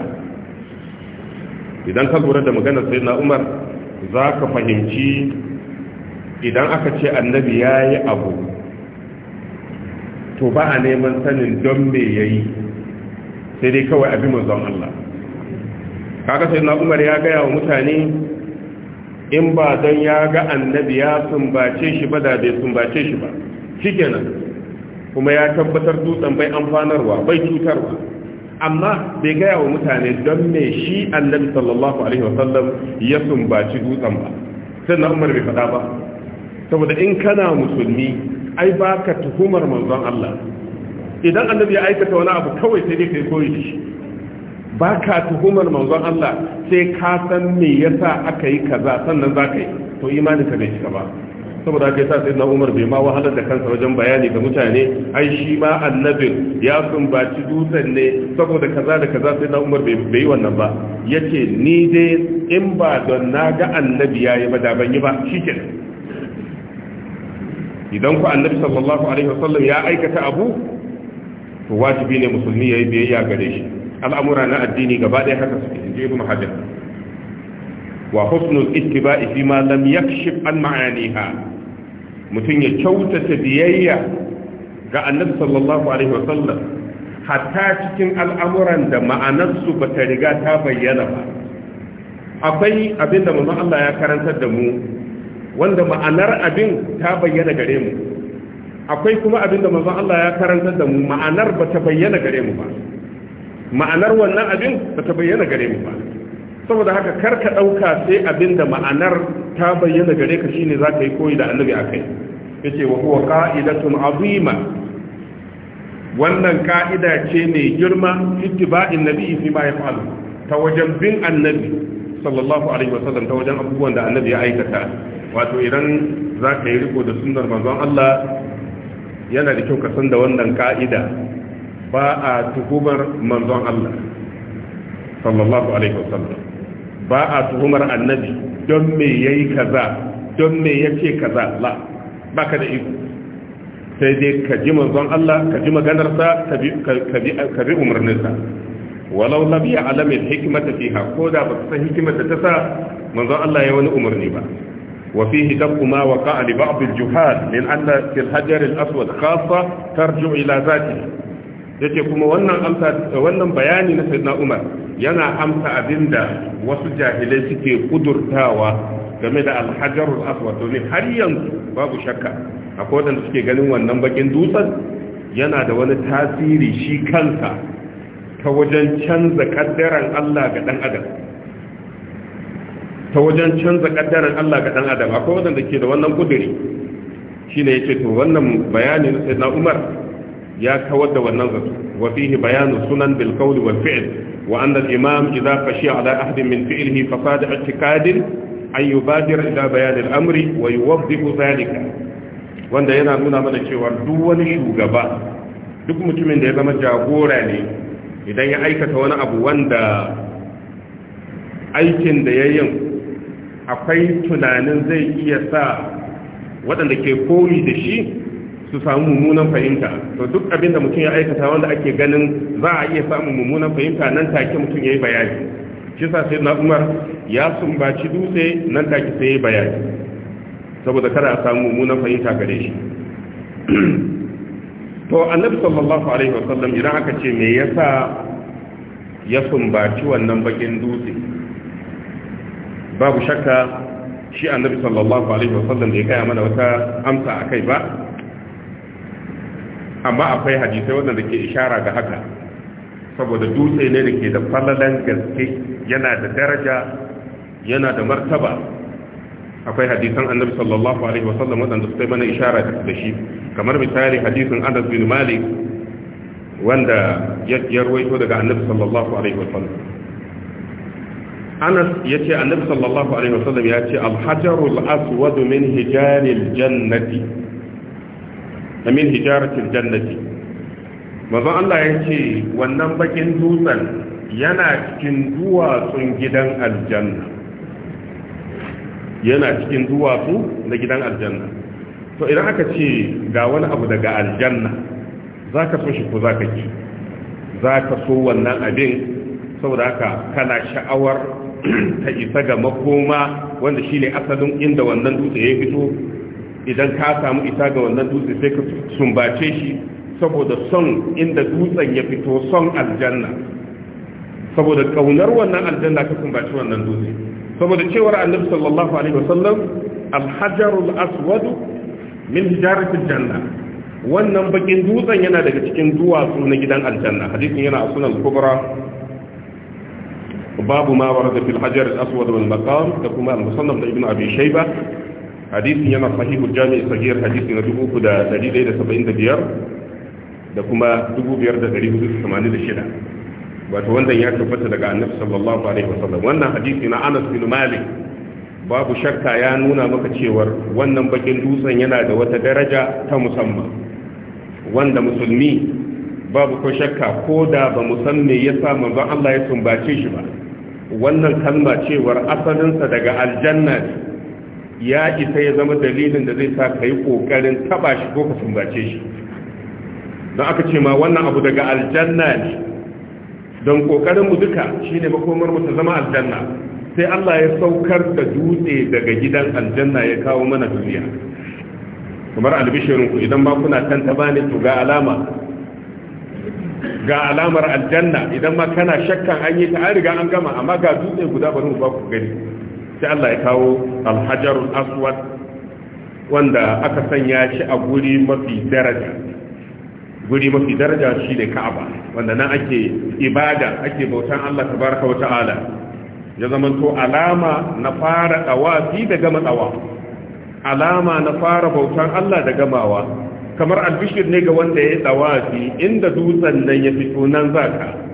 idan ka lura da sai na umar za ka fahimci idan aka ce annabi ya yi abu to ba a neman sanin don me ya yi sai dai kawai abin manzon Allah Kaka sai na umar ya gaya wa mutane in ba don ya ga annabi ya sumbace shi ba da bai sumbace shi ba shikenan kuma ya tabbatar dutsen bai amfanarwa bai cutarwa amma bai gaya wa mutane don me shi annabi sallallahu alaihi wasallam ya sumbaci dutsen ba sai na umar bai faɗa ba saboda in kana musulmi ai ba ka tuhumar manzon Allah idan annabi ya aikata wani abu kawai sai dai kai koyi shi ba ka tuhumar manzon Allah sai ka san me yasa aka yi kaza sannan za ka yi to imanin ka bai shiga ba saboda haka yasa sayyidina Umar bai ma wahalar da kansa wajen bayani ga mutane ai shi ma annabin ya sumbaci dutsen ne saboda kaza da kaza sayyidina Umar bai bai wannan ba yace ni dai in ba don na ga annabi yayi ba da ban yi ba shikenan idan ku annabi sallallahu alaihi wasallam ya aikata abu to wajibi ne musulmi yayi biyayya gare shi al'amura na addini gaba ɗaya haka suke inji ibn hajar wa husnul ittiba'i fi ma lam yakshif an ma'aniha mutum ya kyautata biyayya ga annabi sallallahu alaihi wa sallam hatta cikin al'amuran da ma'anarsu ba ta riga ta bayyana ba akwai abin da manzon Allah ya karantar da mu wanda ma'anar abin ta bayyana gare mu akwai kuma abin da manzon Allah ya karantar da mu ma'anar ba ta bayyana gare mu ba ma'anar wannan abin ba ta bayyana gare mu ba saboda haka kar ka ɗauka sai abin da ma'anar ta bayyana gare ka shine za ka yi koyi da annabi a kai ya ce wa huwa ka'idatun azima wannan ka'ida ce mai girma ittiba'in nabi fi ma yaf'alu ta wajen bin annabi sallallahu alaihi wasallam ta wajen abubuwan da annabi ya aikata wato idan za ka yi riko da sunnar manzon Allah yana da kyau ka san da wannan ka'ida ba a tuhumar manzon Allah sallallahu alaihi wasallam ba a tuhumar annabi don me yayi kaza don me yace kaza la baka da iko sai dai ka ji manzon Allah ka ji maganarsa ka bi umarninsa walau na biya alamin hikimata fiha ko da ba san hikimata ta sa manzon Allah ya wani umarni ba wa fihi kuma wa qa'a li ba'd al-juhal min anna fil hajar al-aswad yace kuma wannan amsa wannan bayani na sayyidina Umar yana amsa abinda wasu jahilai suke kudurtawa game da al-hajarul aswad domin har yanzu babu shakka akwai wanda suke ganin wannan bakin dutsen yana da wani tasiri shi kansa ta wajen canza kaddaran Allah ga dan adam ta wajen canza kaddaran Allah ga dan adam akwai wanda ke da wannan kuduri shine yace to wannan bayani na sayyidina Umar ya kawar da wannan zato wa fihi bayanu sunan bil qawli wal fi'l wa anna al imam idha khashiya ala ahad min fi'lihi fasad i'tiqad an yubadir ila bayan al amri wa yuwaddihu dhalika wanda yana nuna mana cewa duk wani shugaba duk mutumin da ya zama jagora ne idan ya aikata wani abu wanda aikin da ya yin akwai tunanin zai iya sa waɗanda ke koyi da shi su samu mummunan fahimta to duk abin da mutum ya aikata wanda ake ganin za a iya samun mummunan fahimta nan take mutum ya yi bayani shi sa sai na umar ya sumbaci dutse nan take sai ya yi bayani saboda kada a samu mummunan fahimta gare shi to annabi sallallahu alaihi wasallam idan aka ce me yasa ya sumbaci wannan bakin dutse babu shakka shi annabi sallallahu alaihi wasallam da ya kai mana wata amsa akai ba amma akwai hadisai waɗanda ke ishara ga haka saboda dutse ne da ke da falalan gaske yana da daraja yana da martaba akwai hadisan annabi sallallahu alaihi wasallam waɗanda suka yi mana ishara da shi kamar misali hadisin anas bin malik wanda ya rawaito daga annabi sallallahu alaihi wasallam anas ya ce annabi sallallahu alaihi wasallam ya ce alhajarul aswad min hijaril jannati na min hijaratil jannati manzon Allah ya ce wannan bakin dutsen yana cikin duwatsun gidan aljanna yana cikin duwatsu na gidan aljanna to idan aka ce ga wani abu daga aljanna za ka so shi ko za ka ki za ka so wannan abin saboda haka kana sha'awar ta isa ga makoma wanda shine asalin inda wannan dutse ya fito idan ka samu isa ga wannan dutse sai ka sumbace shi saboda son inda dutsen ya fito son aljanna saboda kaunar wannan aljanna ka sumbace wannan dutse saboda cewar annabi sallallahu alaihi wasallam alhajarul aswad min hijaratil janna wannan bakin dutsen yana daga cikin duwatsu na gidan aljanna hadisin yana a sunan kubra babu ma warada fil hajar al aswad wal maqam da kuma al musannaf da ibnu abi shayba hadisin yana sahihul jami'i sahihar hadisi na 3175 da kuma 5486 wato wannan ya tabbata daga annabi sallallahu alaihi wasallam wannan hadisi na Anas bin Malik babu shakka ya nuna maka cewar wannan bakin dutsen yana da wata daraja ta musamman wanda musulmi babu ko shakka ko da ba musamme ya sa manzon Allah ya sumbace shi ba wannan kalma cewar asalinsa daga aljanna ne ya isa ya zama dalilin da zai sa ka yi ƙoƙarin taɓa shi ko ka sumbace shi don aka ce ma wannan abu daga aljanna ne don ƙoƙarinmu mu duka shi ne makomar mu ta zama aljanna sai Allah ya saukar da dutse daga gidan aljanna ya kawo mana duniya kamar albishirinku idan ma kuna kan ne to ga alama ga alamar aljanna idan ma kana shakkan an yi ta an riga an gama amma ga dutse guda bari mu ba ku gani sai Allah ya kawo alhajarul aswad wanda aka sanya shi a guri mafi daraja guri mafi daraja shi ne ka'aba wanda nan ake ibada ake bautan Allah tabaraka wa ta'ala ya to alama na fara fi da gama dawa alama na fara bautan Allah da gamawa kamar albishir ne ga wanda ya fi inda dutsen nan ya fito nan zaka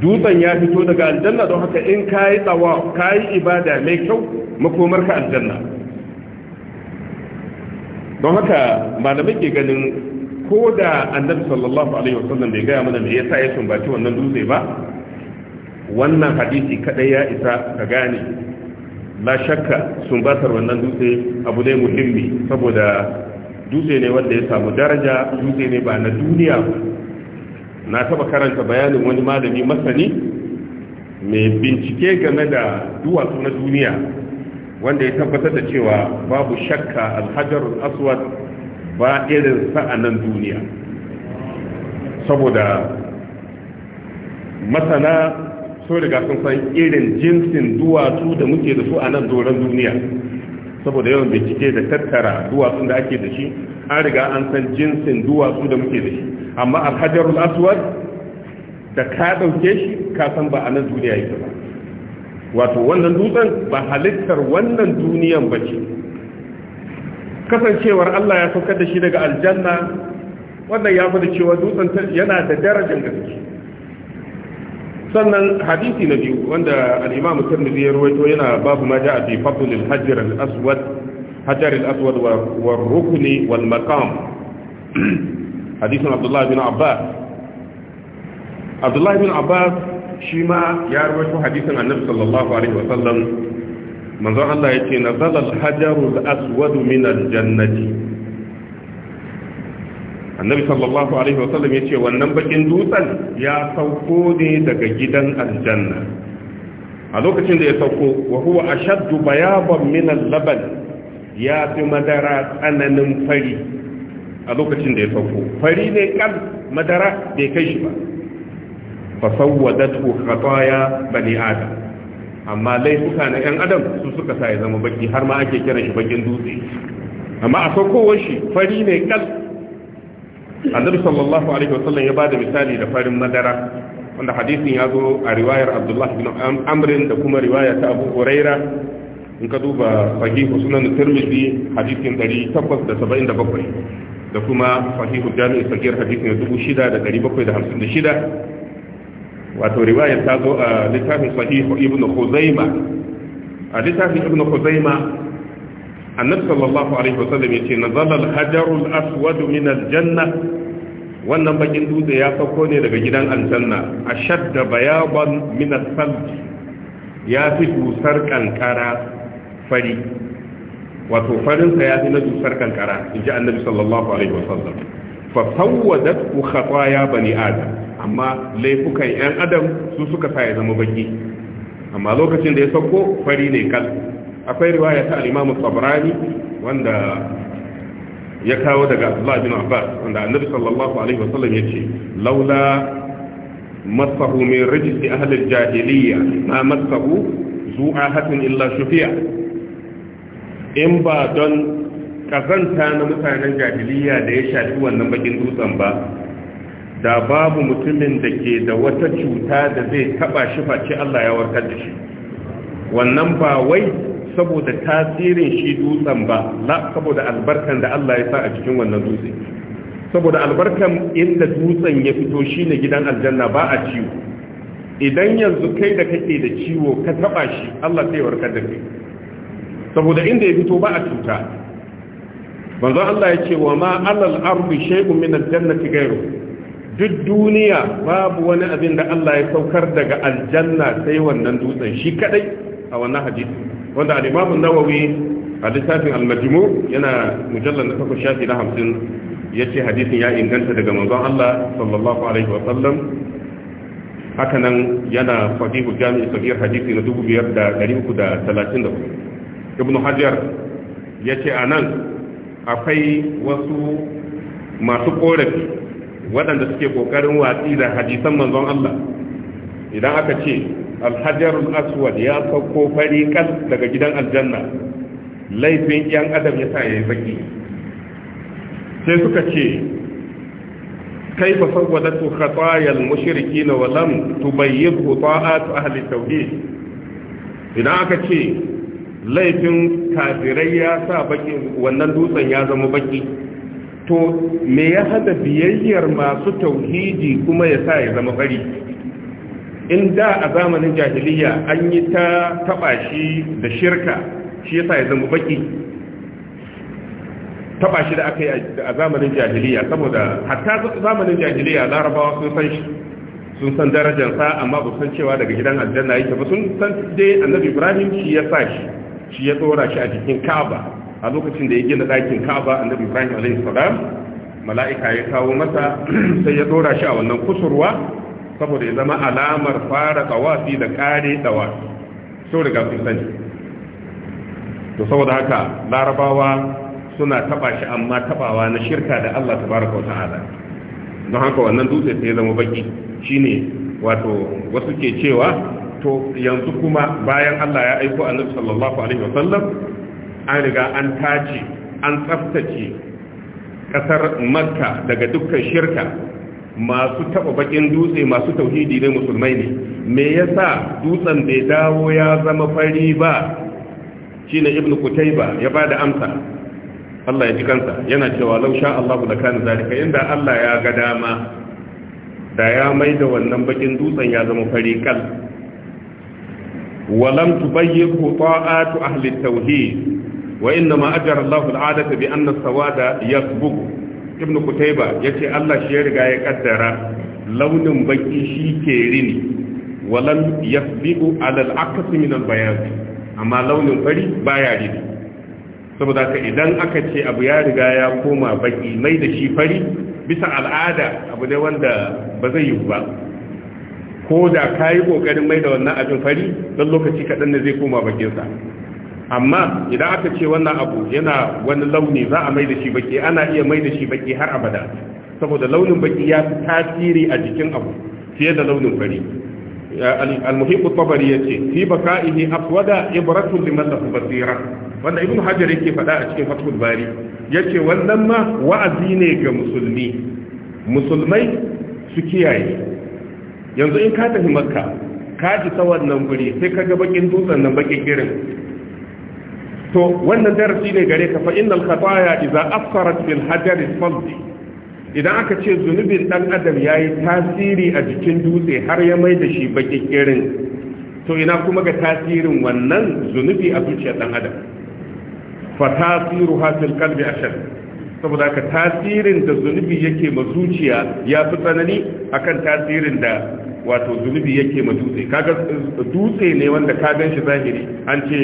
dutsen ya fito daga aljanna don haka in ka yi tsawa ka yi ibada mai kyau makomar ka aljanna don haka malamai ke ganin ko da annabi sallallahu alaihi wasallam bai gaya mana me yasa ya sumbaci wannan dutse ba wannan hadisi kadai ya isa ka gane la shakka sumbatar wannan dutse abu ne muhimmi saboda dutse ne wanda ya samu daraja dutse ne ba na duniya na taba karanta bayanin wani malami masani mai bincike game da duwatsu na duniya wanda ya tabbatar da cewa babu shakka alhajarun aswad ba irin sa'anan duniya saboda masana sau daga sun san irin jinsin duwatsu da muke da su a nan doron duniya saboda yawan bincike da tattara duwatsun da ake da shi an riga an san jinsin duwatsu da muke da shi amma alhajarul aswad da ka ɗauke shi ka san ba a nan duniya yi ba wato wannan dutsen ba halittar wannan duniyan ba ce kasancewar Allah ya saukar da shi daga aljanna wannan ya fi da cewa dutsen yana da darajar gaske sannan hadisi na biyu wanda al'imamu tirmidhi ya ruwaito yana babu maja a fi fadlil hajar al-aswad wa Rukuni wal maqam hadisin abdullahi bin abbas abdullahi bin abbas shi ma ya rubuta hadisin annabi sallallahu alaihi wasallam manzon Allah yace nazala al-hajaru al-aswad min al-jannati annabi sallallahu alaihi wasallam yace wannan bakin dutsen ya sauko ne daga gidan aljanna a lokacin da ya sauko wa huwa ashaddu bayaban min al-laban ya fi madara tsananin fari a lokacin da ya sauko fari ne kan madara bai kai shi ba fasawwadatu khataya bani adam amma laifuka na yan adam su suka sa ya zama baki har ma ake kiran shi bakin dutse amma a saukowar shi fari ne kan annabi sallallahu alaihi wasallam ya bada misali da farin madara wanda hadisin ya zo a riwayar abdullah bin amrin da kuma riwaya ta abu huraira in ka duba sahihu sunan tirmidhi hadisin 877 da kuma sahihu jami'i sagir hadisin 6756 wato riwayar ta zo a littafin sahihu ibn khuzaima a littafin ibn khuzaima annabi sallallahu alaihi wasallam yace nazala al-hajarul aswad min al-janna wannan bakin dutse ya sauko ne daga gidan aljanna ashadda bayaban min al-thalj ya fi dusar kankara fari wato farinsa ya fi na dusar kankara in ji annabi sallallahu alaihi wasallam fa sawwadat khataya bani adam amma laifukan yan adam su suka sa ya zama baki amma lokacin da ya sauko fari ne kal akwai riwaya ta al-Imam Tabrani wanda ya kawo daga Abdullah bin Abbas wanda annabi sallallahu alaihi wasallam ce. laula masahu min rijsi ahli al-jahiliyya ma masahu zu'ahatun illa shufiya in ba don kazanta na mutanen jahiliya da ya shafi wannan bakin dutsen ba da babu mutumin da ke da wata cuta da zai taba shi face Allah ya warkar da shi wannan ba wai saboda tasirin shi dutsen ba la saboda albarkan da Allah ya sa a cikin wannan dutse saboda albarkan inda dutsen ya fito shine gidan aljanna ba a ciwo idan yanzu kai da kake da ciwo ka taba shi Allah zai warkar da kai saboda inda ya fito ba a cuta manzo Allah ya ce wa ma alal ardi shay'un min al-jannati ghayru duk duniya babu wani abin da Allah ya saukar daga aljanna sai wannan dutsen shi kadai a wannan hadisi wanda al-Imam an-Nawawi a littafin al-Majmu yana mujallar na takwas shafi na hamsin ya ce hadisin ya inganta daga manzon Allah sallallahu alaihi wa sallam haka nan yana fadihu jami'i sabir hadisi na dubu biyar da da da uku talatin 2334 ibnu hajar ya ce a nan akwai wasu masu korafi waɗanda suke ƙoƙarin watsi da hadisan manzon Allah idan aka ce alhajarul aswad ya sauko fari kan daga gidan aljanna laifin yan adam ya sa ya yi baki sai suka ce kai fa sawwadatu khatayal mushrikin wa lam tubayyin a ahli tauhid idan aka ce laifin kafirai ya sa baki wannan dutsen ya zama baki to me ya hada biyayyar masu tauhidi kuma ya sa ya zama bari in da a zamanin jahiliya an yi ta taba shi da shirka shi ya sa ya zama baki taba shi da aka yi a zamanin jahiliya saboda hatta zamanin jahiliya larabawa sun san shi sun san darajarsa amma ba san cewa daga gidan aljanna yake ba sun san dai annabi ibrahim shi ya sa shi shi ya tsora shi a cikin Ka'aba a lokacin da ya gina ɗakin Ka'aba Annabi Ibrahim alaihi salam mala'ika ya kawo masa sai ya tsora shi a wannan kusurwa saboda ya zama alamar fara tsawasi da kare tawafi sau daga gafin sani to saboda haka larabawa suna taba shi amma tabawa na shirka da Allah tabaraka ta'ala don haka wannan dutse sai zama baki shine wato wasu ke cewa to yanzu kuma bayan Allah ya aiko annabi sallallahu alaihi wasallam an riga an tace an tsaftace kasar makka daga dukkan shirka masu taba bakin dutse masu tauhidi ne musulmai ne me yasa dutsen bai dawo ya zama fari ba shine ibnu kutayba ya bada amsa Allah ya ji kansa yana cewa law sha Allah la kana zalika inda Allah ya ga dama da ya maida wannan bakin dutsen ya zama fari kal ولم تبيغه طاعات أهل التوحيد وإنما أجر الله العادة بأن السواد يسبق ابن قتيبة يتي الله شيرغا يقدر لون بكي شي كيريني ولم يسبق على العكس من البياض أما لون فري بايا ريني saboda ka idan aka ce abu ya riga ya koma baki mai da shi fari bisa al'ada abu ne wanda ba zai yi ba ko da ka yi ƙoƙarin mai da wannan abin fari don lokaci kaɗan ne zai koma bakinsa amma idan aka ce wannan abu yana wani launi za a mai da shi baki ana iya mai da shi baki har abada saboda launin baki ya fi tasiri a jikin abu fiye da launin fari al-muhiq at-tabari yace fi baka'ihi aswada ibratun liman lahu basira wanda ibnu hajar yake faɗa a cikin fathul bari Ya ce wannan ma wa'azi ne ga musulmi musulmai su kiyaye yanzu in ka tafi makka ka ji ta wannan guri sai ka ga bakin dutsen nan bakin girin to wannan darasi ne gare ka fa innal khataya idza afsarat fil hajar faldi idan aka ce zunubin dan adam yayi tasiri a jikin dutse har ya mai da shi bakin girin to ina kuma ga tasirin wannan zunubi a zuciyar dan adam fa tasiru fil qalbi ashad saboda ka tasirin da zunubi yake ma zuciya ya fi tsanani akan tasirin da wato zunubi yake ma dutse kaga eh, dutse ne wanda ka gan shi zahiri an ce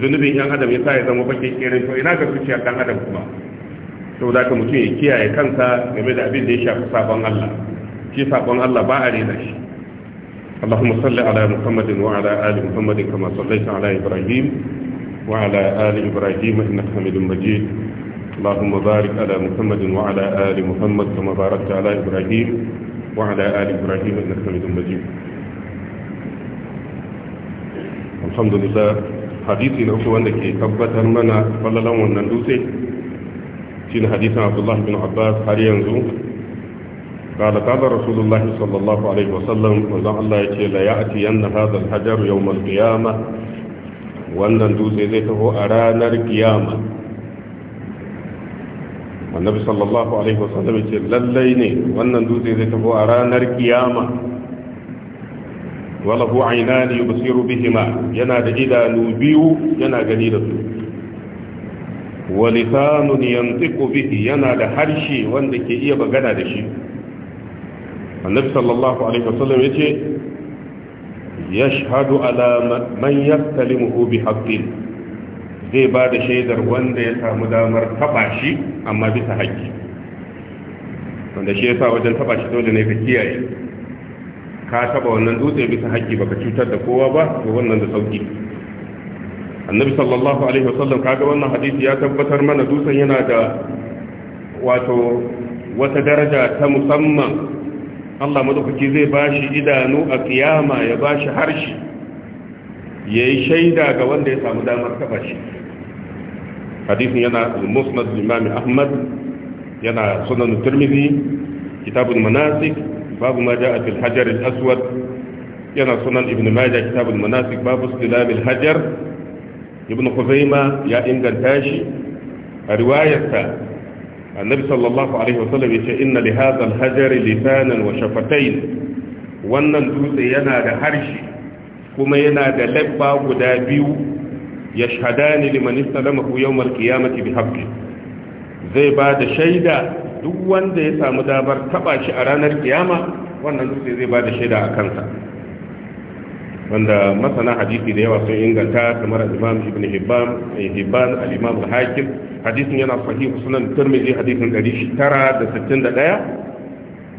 zunubin yan adam ya sa ya zama bakin kirin to ina ga zuciyar dan adam kuma to da ka mutum ya kiyaye kansa game da abin da ya shafi sabon Allah shi sabon Allah ba a rena shi اللهم صل على محمد وعلى آل محمد كما صليت على إبراهيم وعلى آل إبراهيم إنك حميد مجيد اللهم بارك على محمد وعلى آل محمد كما باركت على إبراهيم وعلى آل إبراهيم إنك حميد مجيد الحمد لله حديثي نفسه أنك أثبت منا فللا ونندوسي في حديث عبد الله بن عباس حاليا قال قال رسول الله صلى الله عليه وسلم وزع الله يتي لا يأتي أن هذا الحجر يوم القيامة وأن ندوسي ذاته أرانا القيامة annabi sallallahu alaihi wasallam ce lallai ne wannan dutse zai tafi a ranar kiyama walahu ainani yusiru bihima yana da idanu biyu yana gani da su wa lisanun yantiqu bihi yana da harshe wanda ke iya magana da shi annabi sallallahu alaihi wasallam yace yashhadu ala man ubi bihaqqihi zai ba da shaidar wanda ya samu damar taba shi amma bisa haƙƙi wanda shi ya sa wajen taba shi dole ne ka kiyaye ka taba wannan dutse bisa haƙƙi baka cutar da kowa ba ko wannan da sauki annabi sallallahu alaihi wasallam kaga wannan hadisi ya tabbatar mana dutsen yana da wato wata daraja ta musamman Allah madaukaki zai bashi idanu a kiyama ya bashi harshe ya yi shaida ga wanda ya samu damar taba shi hadisin yana musnad imam ahmad yana sunan turmizi kitabul manasik babu ma ja'a fil hajar al aswad yana sunan ibn majah kitabul manasik babu istilab al hajar ibn khuzaima ya inganta shi a riwayarsa annabi sallallahu alaihi wasallam yace inna li hadha al hajar lisanan wa shafatayn wannan dutse yana da harshe kuma yana da labba guda biyu ya shahadani liman istalamahu yawmal qiyamati bihaqqi zai ba da shaida duk wanda ya samu damar taba shi a ranar kiyama wannan duk zai ba da shaida a kansa wanda masana hadisi da yawa sun inganta kamar al-Imam Ibn Hibban eh, Hibban al-Imam al-Hakim hadisin yana sahih sunan Tirmidhi hadisin 961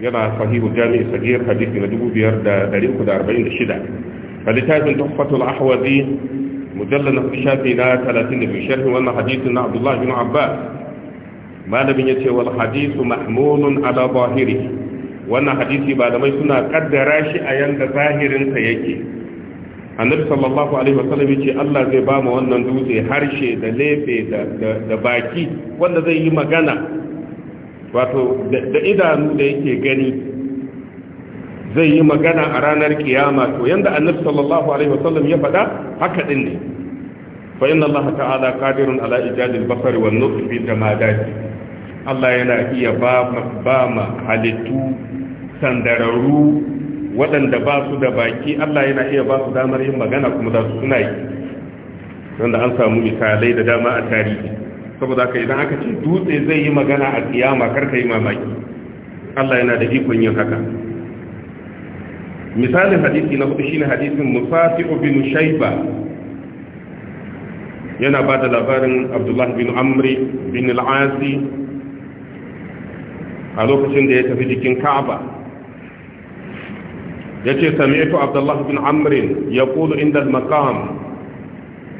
yana sahih jami'i sahih hadisi na 2346 a littafin tuhfatul ahwazi mujallar na shafi na 32 sharhin wannan hadisin na abdullahi bin abbas malamin ya ce wal hadisu mahmulun ala zahiri wannan hadisi malamai suna kaddara shi a yanda zahirinsa yake annabi sallallahu alaihi wasallam yace Allah zai ba mu wannan dutse harshe da lefe da baki wanda zai yi magana wato da idanu da yake gani zai yi magana a ranar kiyama to yanda annabi sallallahu alaihi wasallam ya faɗa haka din ne fa inna allaha ta'ala qadirun ala ijadil basari wan nutfi tamadati Allah yana iya ba ba ma halittu sandararru waɗanda ba su da baki Allah yana iya ba su damar yin magana kuma za su suna yi wanda an samu misalai da dama a tarihi saboda haka idan aka ce dutse zai yi magana a kiyama karka yi mamaki Allah yana da ikon yin haka misalin hadisi na hudu shine hadisin musafi'u bin shayba yana ba da labarin abdullahi bin amri bin al'asi a lokacin da ya tafi jikin ka'aba ya ce sami'atu abdullahi bin Amri ya kulu inda makam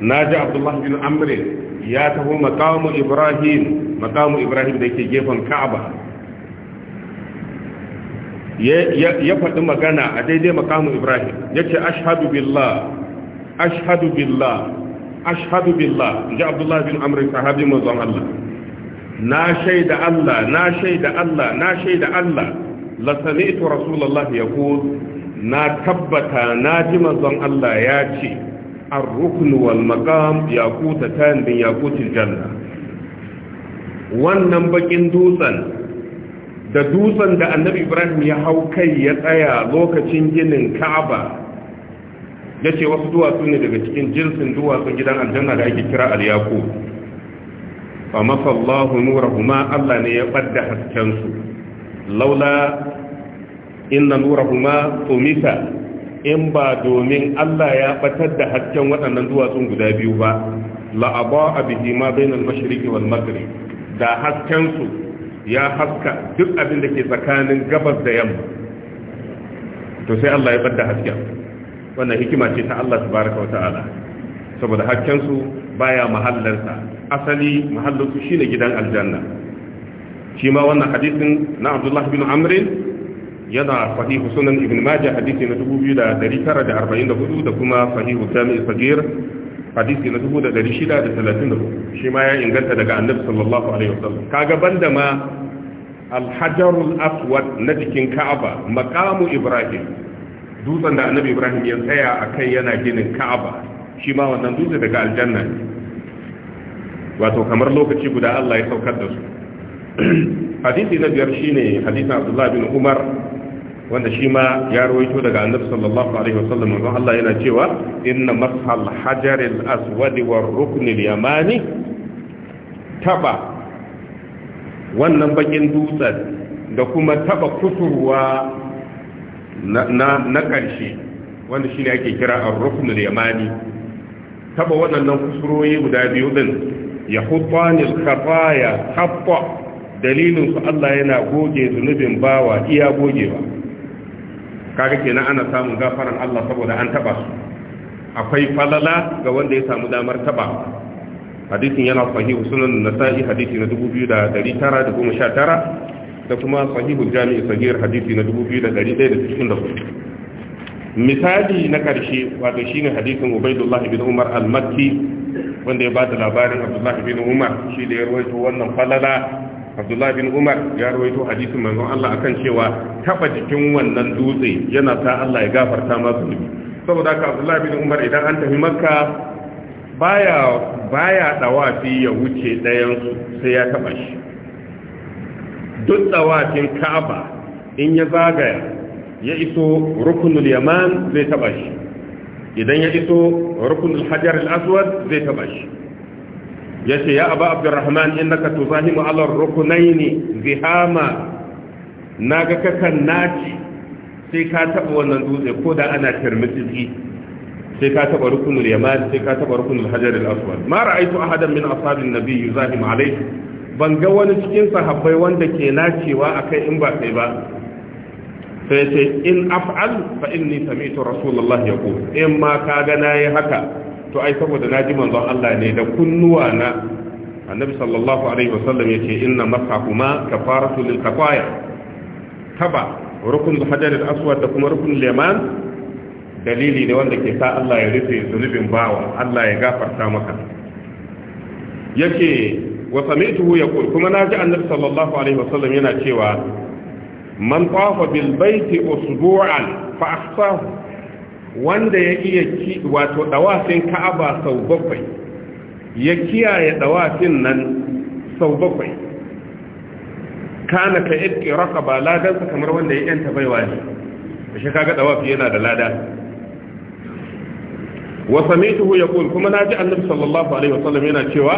na ji abdullahi bin Amri ya taho makamu ibrahim makamu ibrahim da ke gefen ka'aba ya faɗi magana a daidai makamu ibrahim ya ce ashadu billah ashadu billah ashadu billah ji abdullahi bin amri sahabi mazan allah na shaida allah na shaida allah na shaida allah la sami'tu rasulullahi yaqul na tabbata na ji mazan allah ya ce ar-rukn wal maqam yaqutatan bin yaqutil janna wannan bakin dutsen da dutsen da annabi ibrahim ya hau kai ya tsaya lokacin ginin ka'aba ya ce wasu duwatsu ne daga cikin jinsin duwatsun gidan aljanna da ake kira al-yaqub mafallahu, nura kuma Allah ne ya badda haskensu laula inna kuma tumisa in ba domin Allah ya batar da hasken waɗannan duwatsun guda biyu ba la'aba abihi ma bainal mashriqi wal maghrib da haskensu ya haska duk abin da ke tsakanin gabas da yamma to sai Allah ya bada hasken wannan hikima ce ta Allah tabaraka wa ta'ala saboda hasken su baya mahallarsa asali mahallarsu shine gidan aljanna shi ma wannan hadisin na Abdullah bin Amr yana sahihu sunan Ibn Majah hadisi na 2944 da kuma sahihu Sami Sagir hadisi na 634 shi ma ya inganta daga annabi sallallahu alaihi wasallam kaga banda ma alhajarul aswad na jikin ka'aba maqamu ibrahim dutsen da annabi ibrahim ya tsaya akai yana ginin ka'aba shi ma wannan dutse daga aljanna ne. wato kamar lokaci guda Allah ya saukar da su hadisi na biyar shine hadisin abdullahi bin umar wanda shi ma ya rawaito daga annabi sallallahu alaihi wasallam manzon Allah yana cewa inna mashal hajar al-aswad war rukn al-yamani taba wannan bakin dutsen da kuma taba kusurwa na na karshe wanda shine ake kira ar-rukn al-yamani taba waɗannan kusuroyi guda biyu din ya hutani al-khataya hatta dalilin su Allah yana goge zunubin bawa iya gogewa kaga kenan ana samun gafaran Allah saboda an taba su akwai falala ga wanda ya samu damar taba hadisin yana sahihu sunan nasa'i hadisi na 2919 da kuma sahihu jami'i sahihar hadisi na 2194 misali na karshe wato shine hadisin Ubaidullah ibn Umar al-Makki wanda ya bada labarin Abdullah ibn Umar shi da ya rawaito wannan falala abdullahi bin umar ya rawaito hadisin manzon Allah akan cewa taba jikin wannan dutse yana sa Allah ya gafarta masa zunubi saboda haka abdullahi bin umar idan an tafi makka baya baya dawafi ya wuce dayan sai ya taba shi duk dawafin ka'aba in ya zagaya ya iso rukunul yaman zai taba shi idan ya iso rukunul hajar al-aswad zai taba shi yace ya aba abdurrahman innaka tuzahimu rukunai rukunaini zihama naga kakan naci sai ka taba wannan dutse ko da ana tirmidhi sai ka taba rukunul Yamani sai ka taba rukunul hajar aswad ma ra'aytu ahadan min ashabin nabiy yuzahimu alayhi ban ga wani cikin sahabbai wanda ke nacewa akai in ba kai ba sai ce in af'al fa inni sami'tu rasulullahi yaqul in ma ka ga nayi haka to ai saboda naji manzon Allah ne da kunnuwa na annabi sallallahu alaihi wasallam yace inna masahuma kafaratu lil kafaya taba rukun hajar al aswad da kuma rukun liman dalili ne wanda ke sa Allah ya rufe zunubin bawa Allah ya gafarta maka yake wa sami'tuhu yaqul kuma naji annabi sallallahu alaihi wasallam yana cewa man tawafa bil baiti usbu'an fa ahsahu wanda ya iya ki wato dawafin ka'aba sau bakwai ya kiyaye dawafin nan sau bakwai kana ka itki raqaba ladan kamar wanda ya yanta baiwa ne shi kaga dawafi yana da lada wa samituhu yaqul kuma ji annabi sallallahu alaihi wasallam yana cewa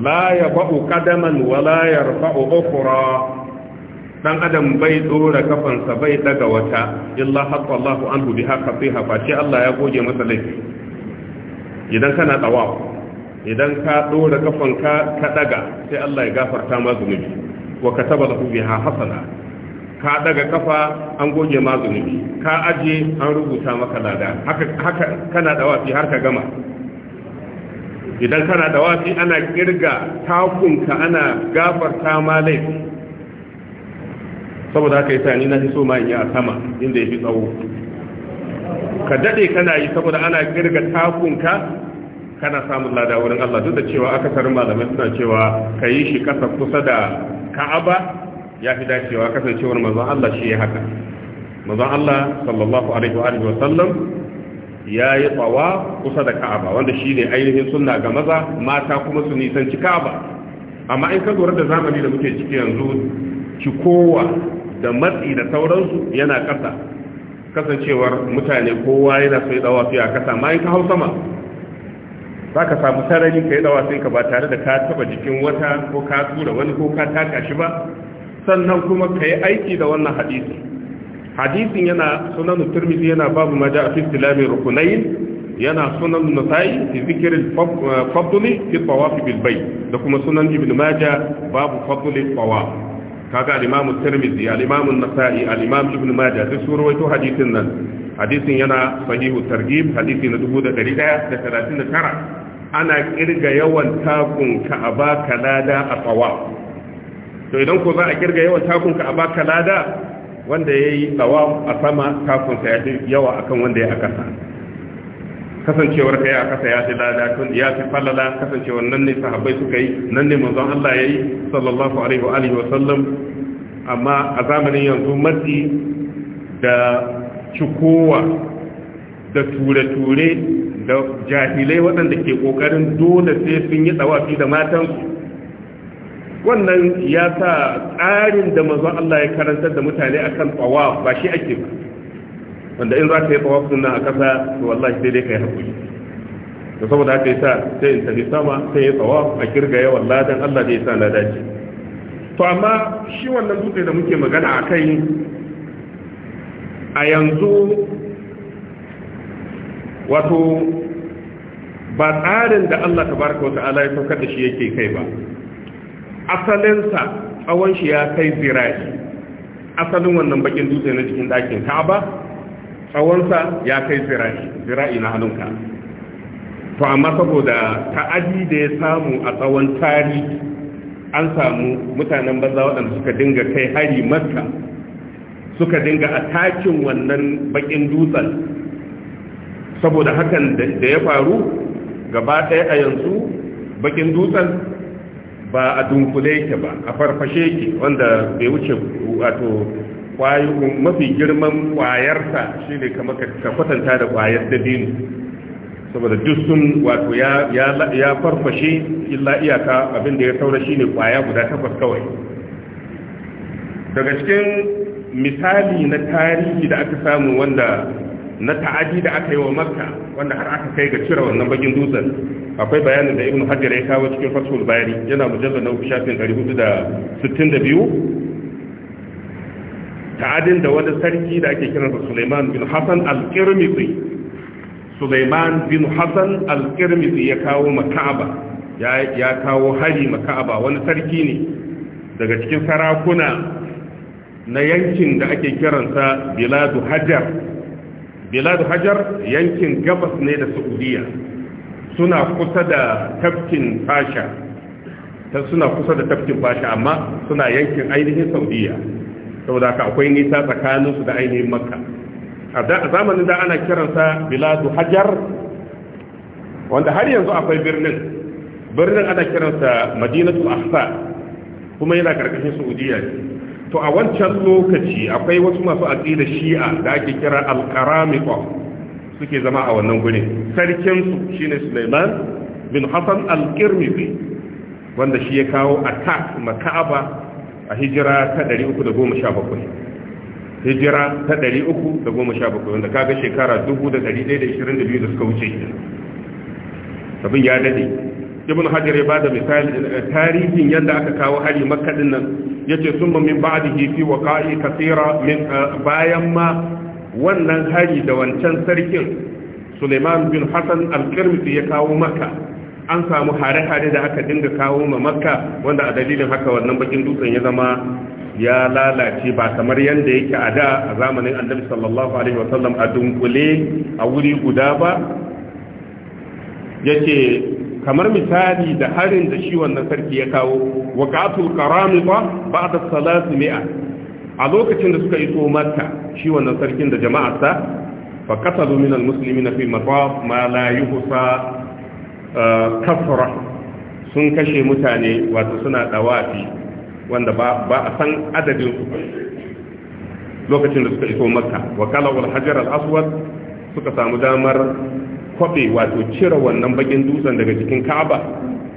la ba'u qadaman wa la yarfa'u ukhra dan adam bai dora kafansa bai daga wata illa hatta Allahu anhu biha qatiha fa shi Allah ya goge masa laifi idan kana tsawawa idan ka dora kafanka ka daga sai Allah ya gafarta ma zunubi wa kataba lahu biha hasana ka daga kafa an goge ma zunubi ka aje an rubuta maka lada haka haka kana fi har ka gama idan kana fi ana kirga takunka ana gafarta ma laifi saboda haka yasa ni na fi so ma in yi a sama inda ya fi tsawo ka dade kana yi saboda ana kirga takunka kana samun lada wurin Allah duk da cewa akasarin malamai suna cewa ka yi shi kasa kusa da ka'aba ya fi dacewa kasancewar manzon Allah shi ya haka manzon Allah sallallahu alaihi wa alihi wa sallam ya yi tsawa kusa da ka'aba wanda shi ne ainihin sunna ga maza mata kuma su nisanci ka'aba amma in ka lura da zamani da muke ciki yanzu cikowa da matsi da sauransu yana ƙasa kasancewar mutane kowa yana sai dawafi a ƙasa ma yi ka hau sama za ka samu sararin ka yi dawafi ka ba tare da ka taba jikin wata ko ka tura wani ko ka taka shi ba sannan kuma ka yi aiki da wannan hadisi hadisin yana sunan turmizi yana babu maja a fi lami rukunai, yana sunan nasai fi zikirin fadli fi tawaf bilbai da kuma sunan ibn maja babu fadli tawaf kaga al-imam at-tirmidhi al-imam an-nasa'i al-imam ibn majah duk sun rawaito hadisin nan hadisin yana sahihu targhib hadisi na 1139 ana kirga yawan takun Ka'aba, aba kalada a tsawa to idan ko za a kirga yawan takun Ka'aba, aba kalada wanda yayi tsawa a sama takun sa yawa akan wanda ya akasa kasancewar kai a kasa ya fi lalatun ya fi falala kasancewar nan ne sahabbai suka yi nan ne manzon Allah ya yi sallallahu alaihi wa alihi wa sallam amma a zamanin yanzu matsi da cikowa da ture-ture da jahilai waɗanda ke ƙoƙarin dole sai sun yi tsawafi da matansu wannan ya sa tsarin da manzon Allah ya karantar da mutane akan tsawa ba shi ake ba wanda in za ka yi tsawon suna a ƙasa to wallahi sai dai ka yi haƙuri Da saboda haka sa, sai in tafi sama sai ya tsawon a kirga yawan ladan Allah da sa na dace to amma shi wannan dutse da muke magana a kai a yanzu wato ba tsarin da Allah baraka wata ta'ala ya saukar da shi yake kai ba asalinsa tsawon shi ya kai zira'i asalin wannan bakin dutse na cikin ɗakin ka'aba tsawonsa ya kai zira'i zira'i na hannunka to amma saboda ta'adi da ya samu a tsawon tarihi an samu mutanen banza waɗanda suka dinga kai hari maka suka dinga a takin wannan bakin dutsen saboda hakan da ya faru gaba ɗaya a yanzu bakin dutsen ba a dunkule ke ba a farfashe ke wanda bai wuce wato kwayoyin mafi girman kwayarsa shi ne kama ka kwatanta da kwayar da dabino saboda duk sun wato ya farfashe illa iyaka abinda ya saura shi ne kwaya guda takwas kawai daga cikin misali na tarihi da aka samu wanda na ta'adi da aka yi wa makka wanda har aka kai ga cire wannan bakin dutsen akwai bayanin da ibn hajjar ya kawo cikin fasul bayani yana mujallar na shafin 462 ta'adin da wani sarki da ake kiran da Sulaiman bin Hassan al-Kirmizi Sulaiman bin Hassan al-Kirmizi ya kawo maka'aba ya kawo hari maka'aba wani sarki ne daga cikin sarakuna na yankin da ake kiransa Biladu Hajar Biladu Hajar yankin gabas ne da Saudiya suna kusa da tafkin Fasha suna kusa da tafkin Fasha amma suna yankin ainihin Saudiya saboda ka akwai nisa tsakaninsu da ainihin makka a zamanin da ana kiransa biladu hajar wanda har yanzu akwai birnin birnin ana kiransa madinatu ahsa kuma yana karkashin saudiya to a wancan lokaci akwai wasu masu aqida shi'a da ake kira al-qaramiqa suke zama a wannan gurin sarkin su shine Sulaiman bin Hassan al-Qirmizi wanda shi ya kawo attack makaba a hijira ta 317 hijira ta 317 wanda kaga shekara 1122 da suka wuce abin ya dade ibn hajar ya ba da misali eh, tarihin yadda aka kawo hari nan, ya ce yace summa min ba'dihi fi waqa'i kathira min eh, bayan ma wannan hari da wancan sarkin Suleiman bin Hassan al-Kirmisi ya kawo maka? an samu hare-hare da aka dinga kawo ma makka wanda a dalilin haka wannan bakin dutsen ya zama ya lalace ba kamar yadda yake a da a zamanin annabi sallallahu alaihi wasallam a dunkule a wuri guda ba yace kamar misali da harin da shi wannan sarki ya kawo waqatul karamita ba'da salatu mi'a a lokacin da suka iso makka shi wannan sarkin da jama'arsa fa qatalu min al-muslimina fi mataf ma la yuhsa kafra sun kashe mutane wato suna dawafi wanda ba a san adadin su lokacin da suka iso makka wa wal hajar al-aswad suka samu damar kwabe wato cire wannan bakin dutsen daga cikin ka'aba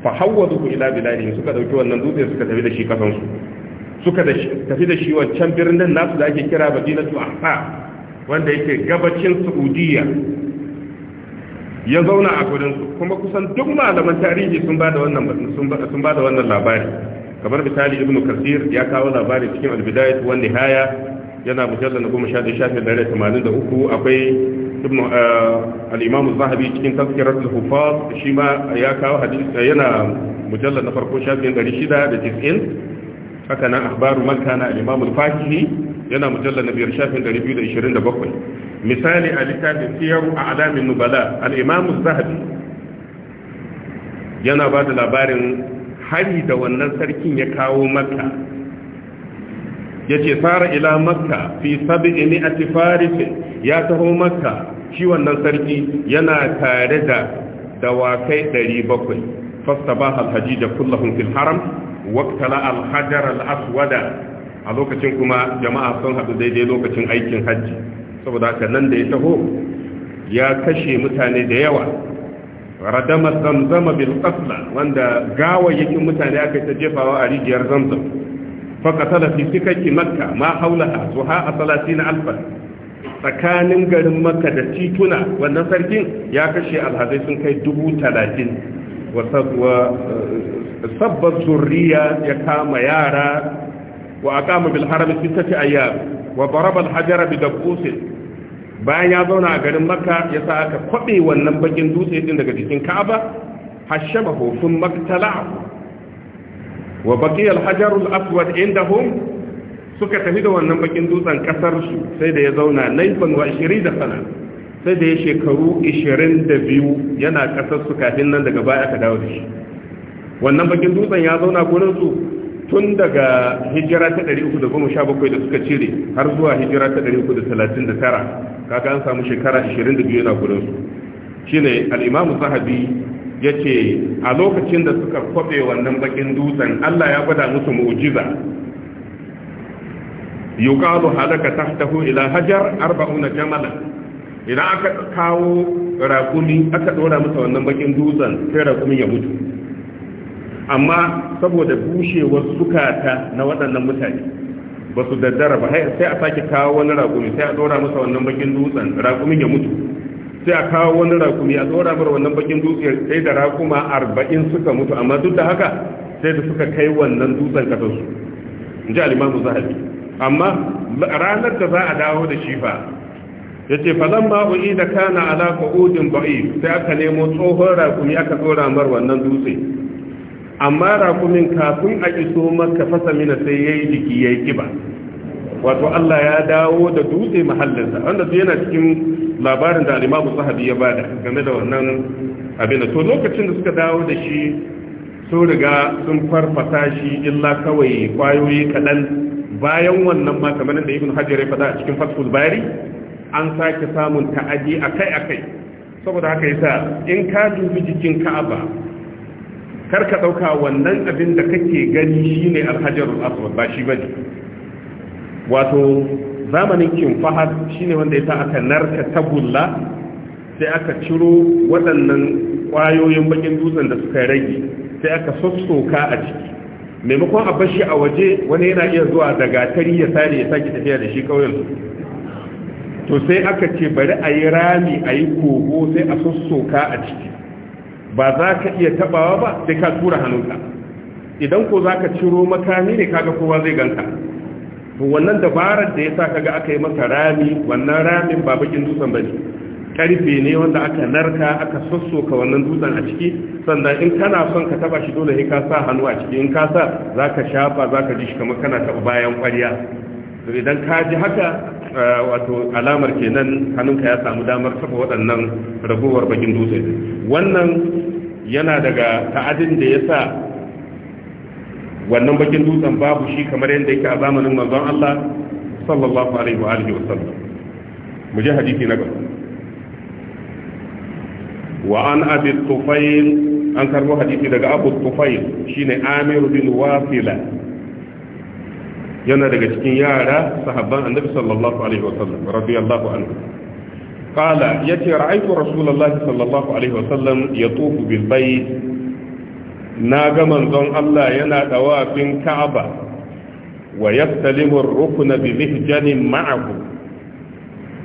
fa hawwadu ila bilali suka dauki wannan dutsen suka tafi da shi kasansu. su suka tafi da shi wancan birnin nasu da ake kira Madinatu Ahsa wanda yake gabacin Saudiya ya zauna a gurinsu kuma kusan duk malaman tarihi sun ba da wannan sun ba da wannan labari kamar misali ibn kasir ya kawo labari cikin albidayat wa nihaya yana mujallal na goma sha da shafin tamanin da uku akwai ibn eh, al-imam zahabi cikin taskirar da hufaz shi ma ya kawo yana mujallal na farko shafin dari shida da tis'in haka nan akhbaru man kana al-imam al yana mujallal na biyar shafin dari biyu da ishirin da bakwai misali a littafin siyaru a alamin nubala al'imamu zahabi yana ba da labarin hari da wannan sarkin ya kawo makka ya ce fara ila makka fi sabi ini a ya taho makka shi wannan sarki yana tare da dawakai 700 fasta ba alhaji da kullahun fil haram waktala alhajar al'aswada a lokacin kuma jama'a sun haɗu daidai lokacin aikin hajji saboda haka nan da ya taho ya kashe mutane da yawa radama zamzama bil qasla wanda gawayyakin mutane aka ta jefawa a rijiyar zamzam fa qatala fi sikaki makka ma hawlaha zuha 30 alfan tsakanin garin makka da tituna wannan sarkin ya kashe alhazai sun kai dubu talatin wa eh, sabbar zurriya ya kama yara wa aqama bil haram sittati ayyam wa barabal hajara bi bayan ya zauna a garin makka ya sa aka kwabe wannan bakin dutse din daga jikin ka'aba hashaba hufun maktala wa baqi hajarul hajar al aswad indahum suka tafi da wannan bakin dutsen kasar su sai da ya zauna naifan wa 20 da sana sai da ya shekaru 22 yana kasar su kafin nan daga baya aka dawo da shi wannan bakin dutsen ya zauna gurin su tun daga hijira ta 317 da suka cire har zuwa hijira ta 339 kaga an samu shekara 22 yana gudun su shine al-Imam Zahabi yace a lokacin da suka kwabe wannan bakin dutsen Allah ya gwada musu mu'jiza yuqalu halaka tahtahu ila hajar 40 jamalan idan aka kawo rakumi aka dora masa wannan bakin dutsen sai rakumin ya mutu amma saboda bushewar sukata na waɗannan mutane ba su daddara ba sai a sake kawo wani raƙumi, sai a ɗora masa wannan bakin dutsen raƙumin ya mutu sai a kawo wani raƙumi, a ɗora mara wannan bakin dutsen sai da raƙuma arba'in suka mutu amma duk da haka sai da suka kai wannan dutsen kasansu in ji alimamu zahabi amma ranar da za a dawo da shi fa ya ce falon ba'u'i da kana ala ka'udin ba'i sai aka nemo tsohon rakumi aka tsora mar wannan dutse amma rakumin kafin a iso maka fasa mina sai ya yi jiki ya yi kiba wato Allah ya dawo da dutse mahallinsa wanda su yana cikin labarin da alimabu sahabi ya bada game da wannan abin da to lokacin da suka dawo da shi sun riga sun farfata shi illa kawai kwayoyi kaɗan bayan wannan ma kamar da ibn hajar ya faɗa a cikin fatul bari an sake samun ta'adi akai akai saboda haka yasa in ka dubi jikin ka'aba kar ka ɗauka wannan abin da kake gani shine alhajarul aswad ba shi bane wato zamanin kin fahad shine wanda ya sa aka narka tagulla sai aka ciro waɗannan ƙwayoyin bakin dutsen da suka rage sai aka sassoka a ciki maimakon a bashi a waje wani yana iya zuwa da gatari ya sare ya sake tafiya da shi ƙauyen to sai aka ce bari a yi rami a yi kogo sai a sassoka a ciki ba za ka iya tabawa ba sai ka tura hannunka idan ko za ka ciro makami ne kaga kowa zai ganka to wannan dabarar da ya sa kaga aka yi masa rami wannan ramin ba bakin dutsen ba ne karfe ne wanda aka narka aka ka wannan dutsen a ciki sannan in kana son ka taba shi dole sai ka sa hannu a ciki in ka sa za ka shafa za ka ji shi kamar kana taba bayan kwarya to idan ka ji haka eh, wato alamar kenan hannunka ya samu damar saba waɗannan ragowar bakin dutse wannan yana daga ta'adin da ya sa wannan bakin dutsen babu shi kamar yadda yake a zamanin manzon Allah sallallahu alaihi wa alihi wasallam mu je hadisi na gaba wa an abi tufayl an karbo hadisi daga abu tufayl shine amiru bin wafila yana daga cikin yara sahabban annabi sallallahu alaihi wa wasallam radiyallahu anhu qala yace ra'aytu rasulullahi sallallahu alaihi wasallam yatufu bil bayt na ga manzon Allah yana dawafin Ka'aba wa yastalimu ar-rukna bi mihjanin ma'ahu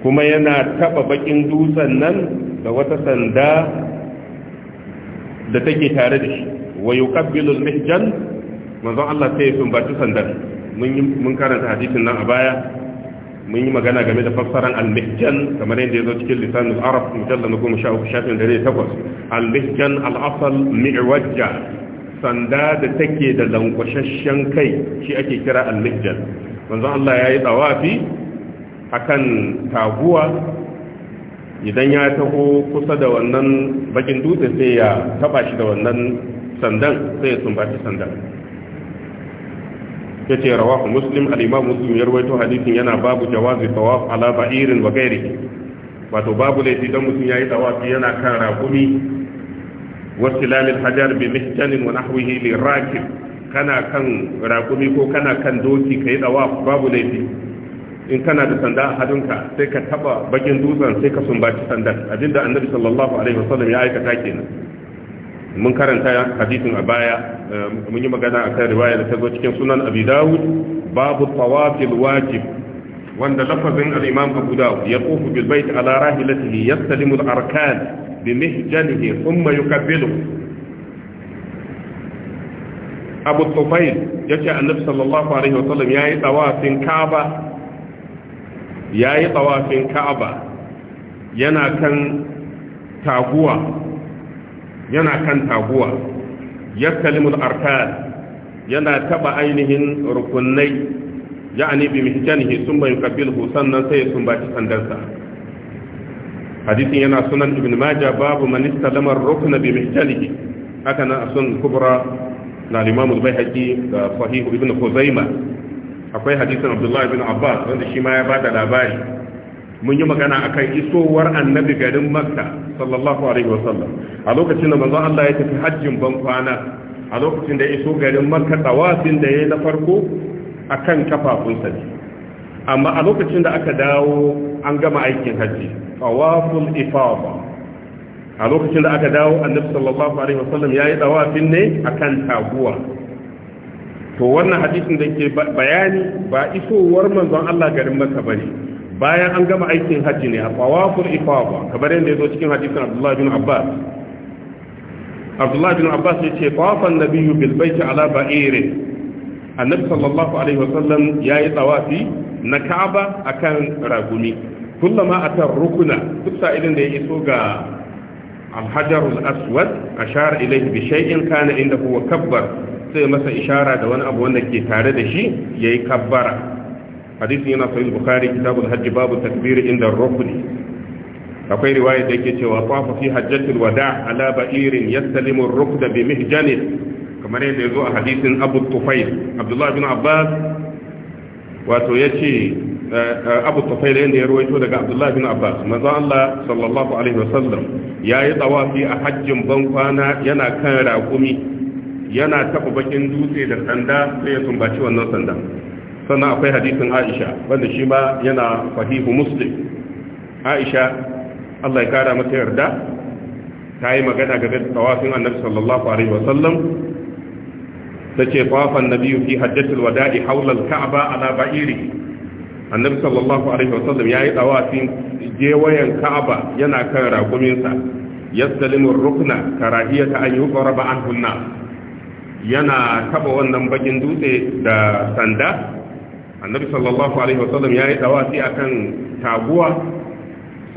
kuma yana taba bakin dutsen nan da wata sanda da take tare da shi wa yuqabbilu al-mihjan manzon Allah sai ya sumbaci sandar mun karanta hadisin nan a baya mun yi magana game da fassaran al-mihjan kamar yadda ya zo cikin lisanul arab mujalla na goma sha uku shafin dare takwas al-mihjan al-asal mi'wajja sanda da take da lankwashashen kai shi ake kira al-mihjan manzon Allah ya yi tsawafi akan taguwa idan ya taho kusa da wannan bakin dutse sai ya taba shi da wannan sandan sai ya sumbaci sandan ya ce rawa muslim al muslim ya rawaito hadisin yana babu jawazi tawaf ala ba'irin wa ghairihi wato babu laifi dan mutum yayi tawafi yana kan rakumi wasilal al-hajar bi mihjan wa nahwihi lirakib kana kan rakumi ko kana kan doki kai tawaf babu laifi in kana da sanda a hannunka sai ka taba bakin dutsen sai ka sumbaci sandan abinda annabi sallallahu alaihi wasallam ya aikata kenan mun karanta hadisin a baya eh, mun yi magana a kan riwaya da ta zo cikin sunan abi dawud babu tawafil wajib wanda lafazin al-imam abu dawud ya kofu bil bait ala rahilatihi yastalimu al-arkan bi mihjanihi thumma yukabbilu abu tufail yace annabi sallallahu alaihi sallam yayi tawafin kaaba yayi tawafin kaaba yana kan taguwa yana kan taguwa kalimun arkan yana taba ainihin rukunai ya'ani bi mihjanihi summa sannan sai ya sumbaci sandansa hadisin yana sunan ibn majah babu man istalama rukna bi mihjanihi haka nan asun kubra na al-imam al-baihaqi da sahih ibn khuzaimah akwai hadisin abdullahi ibn abbas wanda shi ma ya bada labari mun yi magana akan isowar annabi garin makka sallallahu alaihi wasallam a lokacin da manzo Allah ya tafi hajjin ban kwana a lokacin da ya iso garin makka tawafin da ya yi na farko akan kafafunsa ne amma a lokacin da aka dawo an gama aikin hajji tawaful ifada a lokacin da aka dawo annabi sallallahu alaihi wasallam ya yi tawafin ne akan taguwa to wannan hadisin da ke bayani ba isowar manzon Allah garin makka bane bayan an gama aikin hajji ne a tawaful ifaba kamar yadda ya zo cikin hadisin Abdullahi bin Abbas Abdullahi bin Abbas ya ce tawafan nabiyyu bil baiti ala ba'ire annabi sallallahu alaihi wasallam yi tawafi na Ka'aba a kan ragumi kullama atar rukuna duk sa'ilin da ya iso ga Alhajar a الحجر الأسود أشار إليه بشيء inda عنده Kabbar sai masa ishara da wani abu wanda ke tare da shi ya yi kabbara hadisin yana sahih bukhari kitabul hajj babu takbir inda rukni akwai riwaya da yake cewa tawafa fi hajjatul wada ala ba'irin yastalimu ar-rukda bi mihjanin kamar yadda yazo a hadisin Abu Tufail Abdullah ibn Abbas wato yace eh, Abu Tufail yanda ya ruwaito daga Abdullah ibn Abbas manzo Allah sallallahu alaihi wasallam yayi tawafi a hajjin bankwana yana kan raƙumi yana taɓa bakin dutse da sanda sai ya sumbaci wannan sanda. sannan akwai hadisin aisha wanda shi ma yana fahihu muslim aisha allah ya kara mata yarda ta yi magana game da tawafin annabi sallallahu alaihi wasallam ta ce tawafan nabi fi hajjatul wada'i haula al ala ba'iri annabi sallallahu alaihi wasallam yayi tawafin jewayen ka'aba yana kan rakuminsa yastalimu ar-rukna karahiyata an yuqraba anhu yana taba wannan bakin dutse da sanda annabi sallallahu alaihi wasallam ya yi dawasi akan taguwa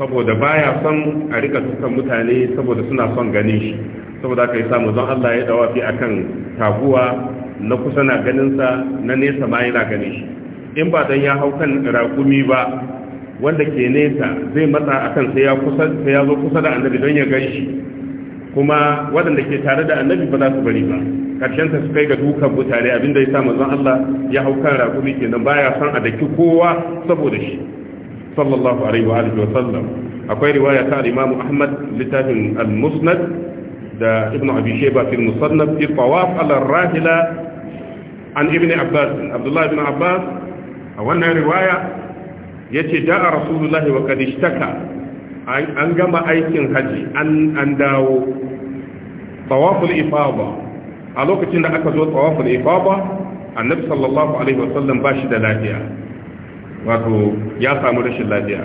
saboda baya son a rika tukan mutane saboda suna son ganin shi saboda aka yi samu don Allah ya dawasi akan taguwa na kusa na ganinsa na nesa ma yana ganin shi in ba dan ya hau kan raƙumi ba wanda ke nesa zai matsa akan sai ya kusa sai ya zo kusa da annabi don ya gan shi kuma waɗanda ke tare da annabi ba za su bari ba karshen ta su kai ga dukan mutane abinda ya sa manzon Allah ya hau kan rakumi kenan baya son a daki kowa saboda shi sallallahu alaihi wa alihi wa sallam akwai riwaya ta Imam Ahmad littafin al-Musnad da Ibn Abi Shayba fil Musannaf fi tawaf ala rahila an ibni Abbas Abdullah ibn Abbas a wannan riwaya yace da Rasulullahi wa kad ishtaka an gama aikin haji an dawo tawaful ifada a lokacin da aka zo tsawafin ifaba annabi sallallahu alaihi wasallam ba shi da lafiya wato ya samu rashin lafiya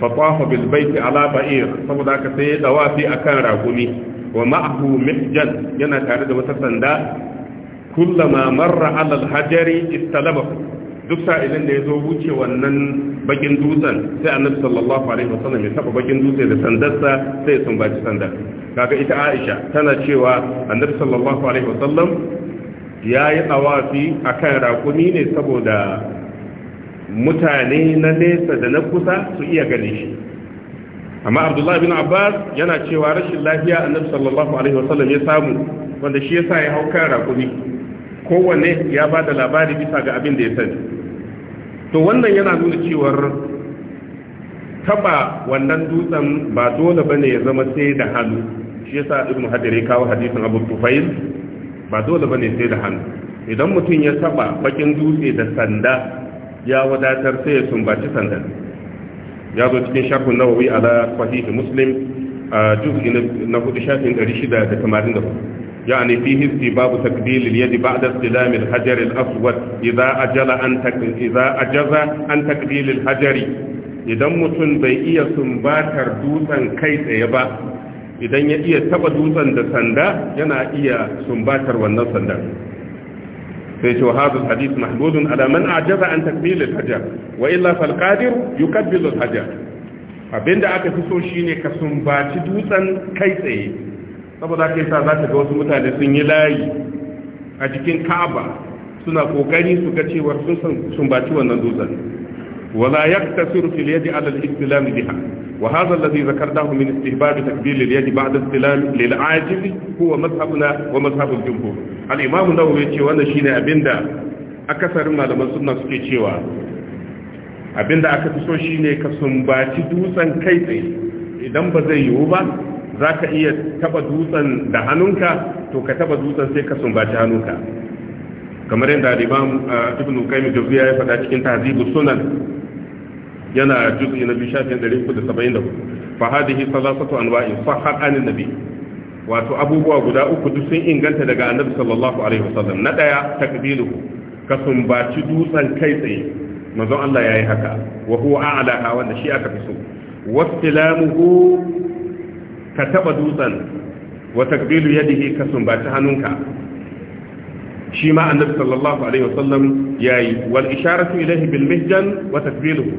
fa tawafa bil baiti ala ba'ir saboda aka sai dawafi akan ragumi wa ma'ahu mihjan yana tare da wata sanda kullama marra ala al hajari istalabahu duk sa'ilin da ya zo wuce wannan bakin dutsen sai annabi sallallahu alaihi wasallam ya taba bakin dutse da sandarsa sai ya sumbaci sandar kaga ita Aisha tana cewa annabi sallallahu alaihi wasallam ya yi tawafi akan raƙumi ne saboda mutane na nesa da na kusa su iya gane shi amma Abdullahi bin Abbas yana cewa rashin lafiya annabi sallallahu alaihi wasallam ya samu wanda shi yasa ya hau kan raƙumi kowanne ya ba da labari bisa ga abin da ya sani to wannan yana nuna cewar taba wannan dutsen ba dole ba ne ya zama sai da hannu shi yasa irin hajar ya kawo hadisin abu tufayin ba dole ba ne sai da hannu idan mutum ya taba bakin dutse da sanda ya wadatar sai ya sumbaci sandan ya zo cikin sharhun nawawi ala sahih muslim a juz'i na hudu shafin يعني فيه استباب تقبيل اليد بعد استلام الحجر الأسود إذا أجل أن تك... إذا أجز أن تقبيل الحجر idan mutum bai iya sumbatar dutsen kai tsaye ba idan ya iya taba dutsen da sanda yana iya sumbatar wannan sandan. sai ce hadith hadith mahdudun ala man ajaza an takbil al-hajar wa illa fal qadir yukabbil al-hajar abinda aka fi so shine ka sumbaci dutsen kai tsaye saboda ake sa za ka ga wasu mutane sun yi layi a cikin ka'aba suna kokari su ga cewa sun san sumbaci wannan dutsen wala yaktasir fil yadi ala al-istilam biha wa hadha alladhi zakarnahu min istihbab takbil al-yad ba'da istilam lil ajil huwa madhhabuna wa madhhab al-jumhur al-imam an-nawawi yace wannan shine abinda akasarin malaman sunna suke cewa abinda aka fi so shine ka sumbaci dutsen kai tsaye idan ba zai yiwu ba za ka iya taba dutsen da hannunka to ka taba dutsen sai ka sumbaci hannunka kamar yadda imam ibn qayyim jawziya ya yi faɗa cikin tahzibu sunan yana juz'i na bishafin 374 fa hadhihi salasatu anwa'in sahhat anin nabi wato abubuwa guda uku duk sun inganta daga annabi sallallahu alaihi wasallam na daya takbiluhu ka sumbaci dutsen kai tsaye manzon Allah ya yi haka wa huwa a'laha wanda shi aka fi so wastilamuhu ka taba dutsen wa yadda yadihi ka sumbaci hannunka shi ma annabi sallallahu alaihi wasallam yi wal isharatu ilayhi bil mihjan wa takbiluhu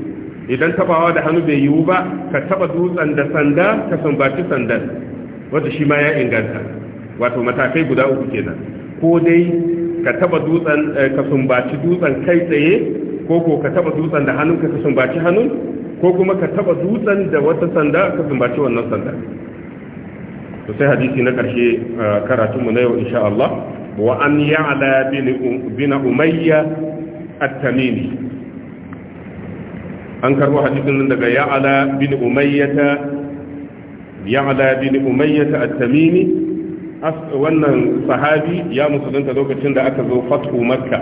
idan tabawa da hannu bai yiwu ba ka taba dutsen da sanda ka sumbaci sandan Wata shi ma ya inganta wato matakai guda uku kenan ko dai ka taba dutsen eh, ka sumbaci dutsen kai tsaye ko ko ka taba dutsen da hannunka ka sumbaci hannun ko kuma ka taba dutsen da wata sanda ka sumbaci wannan sanda to sai hadisi na karshe karatunmu na yau insha Allah wa an ya'la bin umayya at-tamimi an karbo hadisin nan daga ya'la bin umayyata ya'la bin umayyata at-tamimi wannan sahabi ya musulunta lokacin da aka zo fathu makka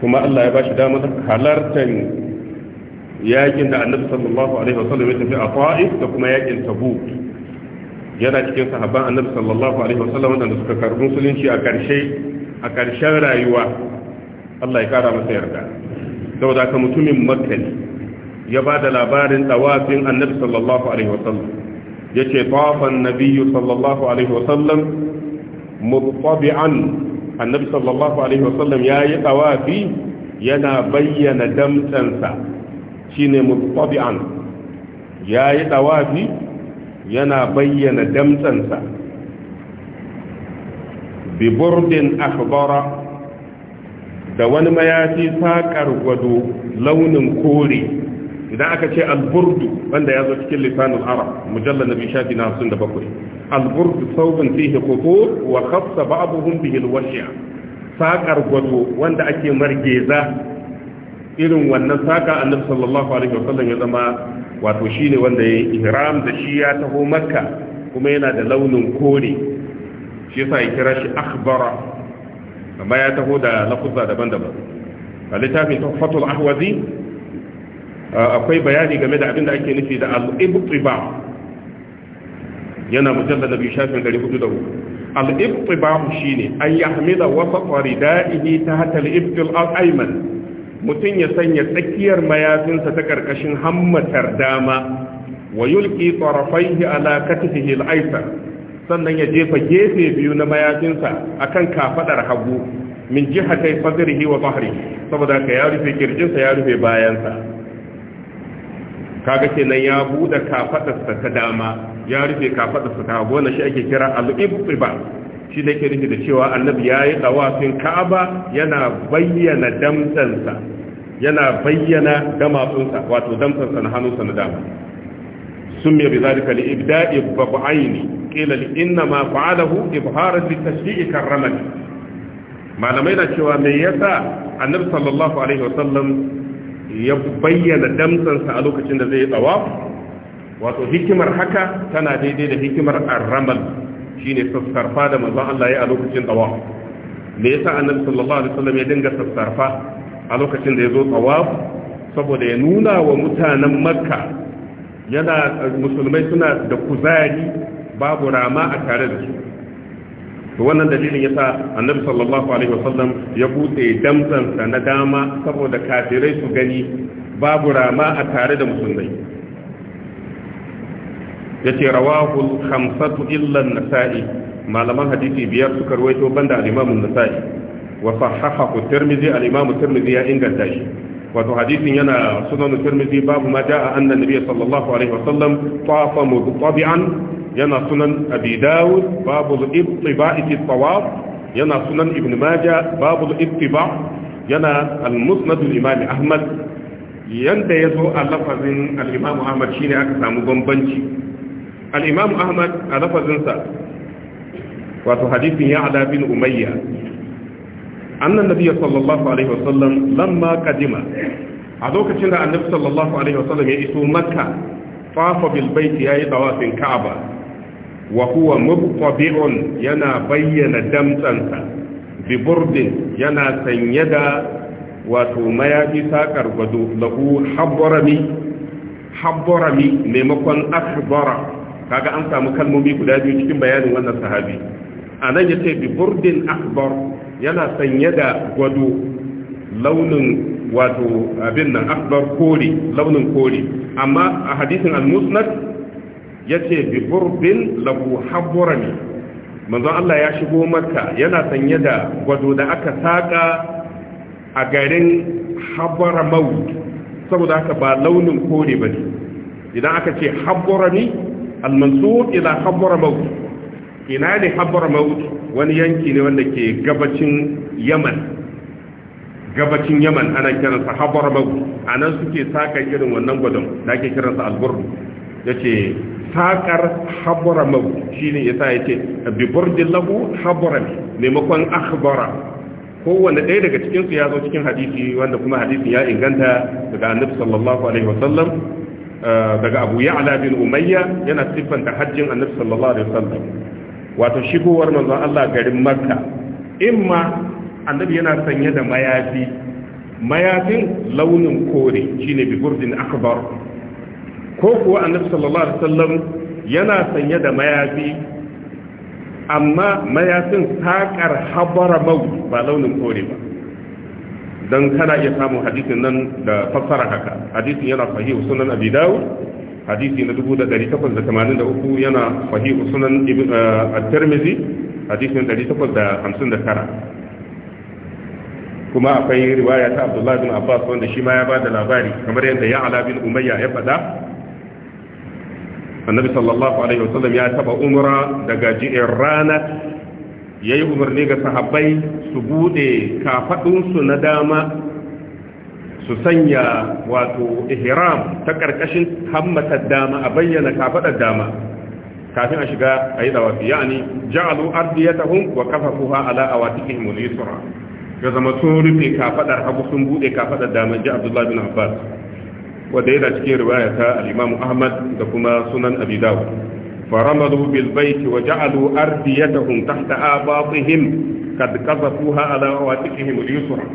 kuma Allah ya bashi damar halartar yakin da annabi sallallahu alaihi wasallam ya tafi a ta'if da kuma yakin tabuk yana cikin sahabban annabi sallallahu alaihi wasallam wanda suka karbi musulunci a karshe a karshen rayuwa Allah ya kara masa yarda saboda ka mutumin makka ne ya ba da labarin tawafin annabi sallallahu alaihi wasallam yace tawafan nabiyyu sallallahu alaihi wasallam mutabi'an annabi sallallahu alaihi wasallam yayi tawafi yana bayyana damtsansa shine mutabi'an yayi tawafi yana bayyana damtsansa bi burdin da wani mayafi saƙar gwado launin kore idan aka ce alburdu wanda ya zo cikin lisanin arab mujallar na bishafi na hamsin da bakwai alburdu saukin fihe koto wa kafsa ba abubuwan bihil washiya saƙar gwado wanda ake margeza irin wannan saka annabi sallallahu alaihi wasallam ya zama wato shine wanda ya ihram da shi ya taho makka kuma yana da launin kore shi yasa ya kira shi akhbara amma ya taho da lafuzza daban-daban a littafin tuhfatul ahwazi akwai bayani game da abin da ake nufi da al-ibtiba yana mujallal nabi shafin 404 al-ibtiba shine ayyahmida wa wasat da'ihi tahta al-ibtil al-ayman mutum ya sanya tsakiyar mayafinsa ta ƙarƙashin hammatar dama wa yulki tarafaihi ala katifihi da sannan ya jefa gefe biyu na mayafinsa akan kafadar hagu min yi fadrihi wa bahari saboda ka ya rufe kirjinsa ya rufe bayansa kaga nan ya buɗe kafadarsa ta dama ya rufe kafadarsa ta hagu wanda shi ake kira al'ibba shi da ke nufi da cewa annabi ya yi tsawafin ka'aba yana bayyana damtsansa yana bayyana damatsunsa wato damtsansa na hannunsa na dama sun mai bizarika li ibda'i babu'aini kila li inna ma fa'alahu ibharat li tashri'i karramati malamai na cewa me yasa annabi sallallahu alaihi wasallam ya bayyana damtsansa a lokacin da zai yi tsawaf wato hikimar haka tana daidai da hikimar arramal shine sassarfa da manzon Allah ya a lokacin tawaf me yasa annabi sallallahu alaihi wasallam ya dinga sassarfa a lokacin da ya zo tawaf saboda ya nuna wa mutanen makka yana musulmai suna da kuzari babu rama a tare da su to wannan dalilin yasa annabi sallallahu alaihi wasallam ya bude damtsansa na dama saboda kafirai su gani babu rama a tare da musulmai yace rawahu khamsatu illa an-nasa'i malaman hadisi biyar suka ruwaito banda al-imam an-nasa'i wa sahahahu tirmidhi al-imam tirmidhi ya inganta shi wato hadisin yana sunan tirmidhi babu ma jaa anna nabiy sallallahu alaihi wasallam tafa mutabi'an yana sunan abi daud babu al-ittiba'i fi tawaf yana sunan ibn majah babu al-ittiba' yana al-musnad al-imam ahmad yanda yazo a lafazin al-imam ahmad shine aka samu bambanci al ahmad a lafazinsa wato hadisin ya ala bin umayya annan nabiyya sallallahu alaihi wasallam lamma qadima a lokacin da annabi sallallahu alaihi wasallam ya iso makka fafa bil baiti yayi tawafin ka'aba Wahuwa huwa mubtabi'un yana bayyana damtsansa bi yana sanye da wato mayafi sakar gado, lahu habbarami maimakon akbara kaga an samu kalmomi guda biyu cikin bayanin wannan sahabi a nan ya ce bi burdin akbar yana sanye da gwado launin wato abin nan akbar kore launin kore amma a hadisin al-musnad ya ce bi burdin lahu ne manzon Allah ya shigo maka yana sanye da gwado da aka saka a garin habbaramaut saboda haka ba launin kore ba ne idan aka ce habburami al-mansur ila khabara maut ina ne khabara maut wani yanki ne wanda ke gabacin yaman gabacin yaman ana kiransa khabara maut Anan suke saka irin wannan gwadon da ake kiransa alburdu ya ce sakar khabara maut shi ne ya sa ya ce khabara lahu makon maimakon akhbara kowanne ɗaya daga cikinsu ya zo cikin hadisi wanda kuma hadisi ya inganta daga annabi sallallahu alaihi wasallam daga abu ala bin umayya yana siffanta hajjin annabi sallallahu alaihi wasallam wato shigowar manzon Allah garin makka imma annabi yana sanye da mayafi mayafin launin kore shine bi gurdin akbar ko kuwa annabi sallallahu alaihi wasallam yana sanye da mayafi amma mayafin sakar habara mau ba launin kore ba dan kana iya samun hadisin nan da fassara haka hadisin yana sahihu sunan abi dawud hadisi na 1883 yana sahihu sunan eh, at-tirmidhi hadisin 1859 kuma akwai riwaya ta Abdullah bin Abbas wanda shi ma ya bada labari kamar yadda ya ala bin Umayya ya faɗa annabi sallallahu alaihi wasallam ya taba umra daga ji'ir rana ya yi umarni ga sahabbai su bude kafadunsu na dama su sanya wato ihram ta ƙarƙashin hammatar dama a bayyana kafaɗar dama kafin a shiga a yi dawafi ya ne ja'alu ardiyatahum wa kafafuha ala awatikihim al-yusra ga zama sun rufe kafaɗar hagu sun bude kafaɗar dama ji Abdullahi bin Abbas wanda yana cikin riwaya ta al-Imam Ahmad da kuma sunan Abi Dawud فرملوا بالبيت وجعلوا أرديتهم تحت آباطهم قد قذفوها على عواتقهم اليسرى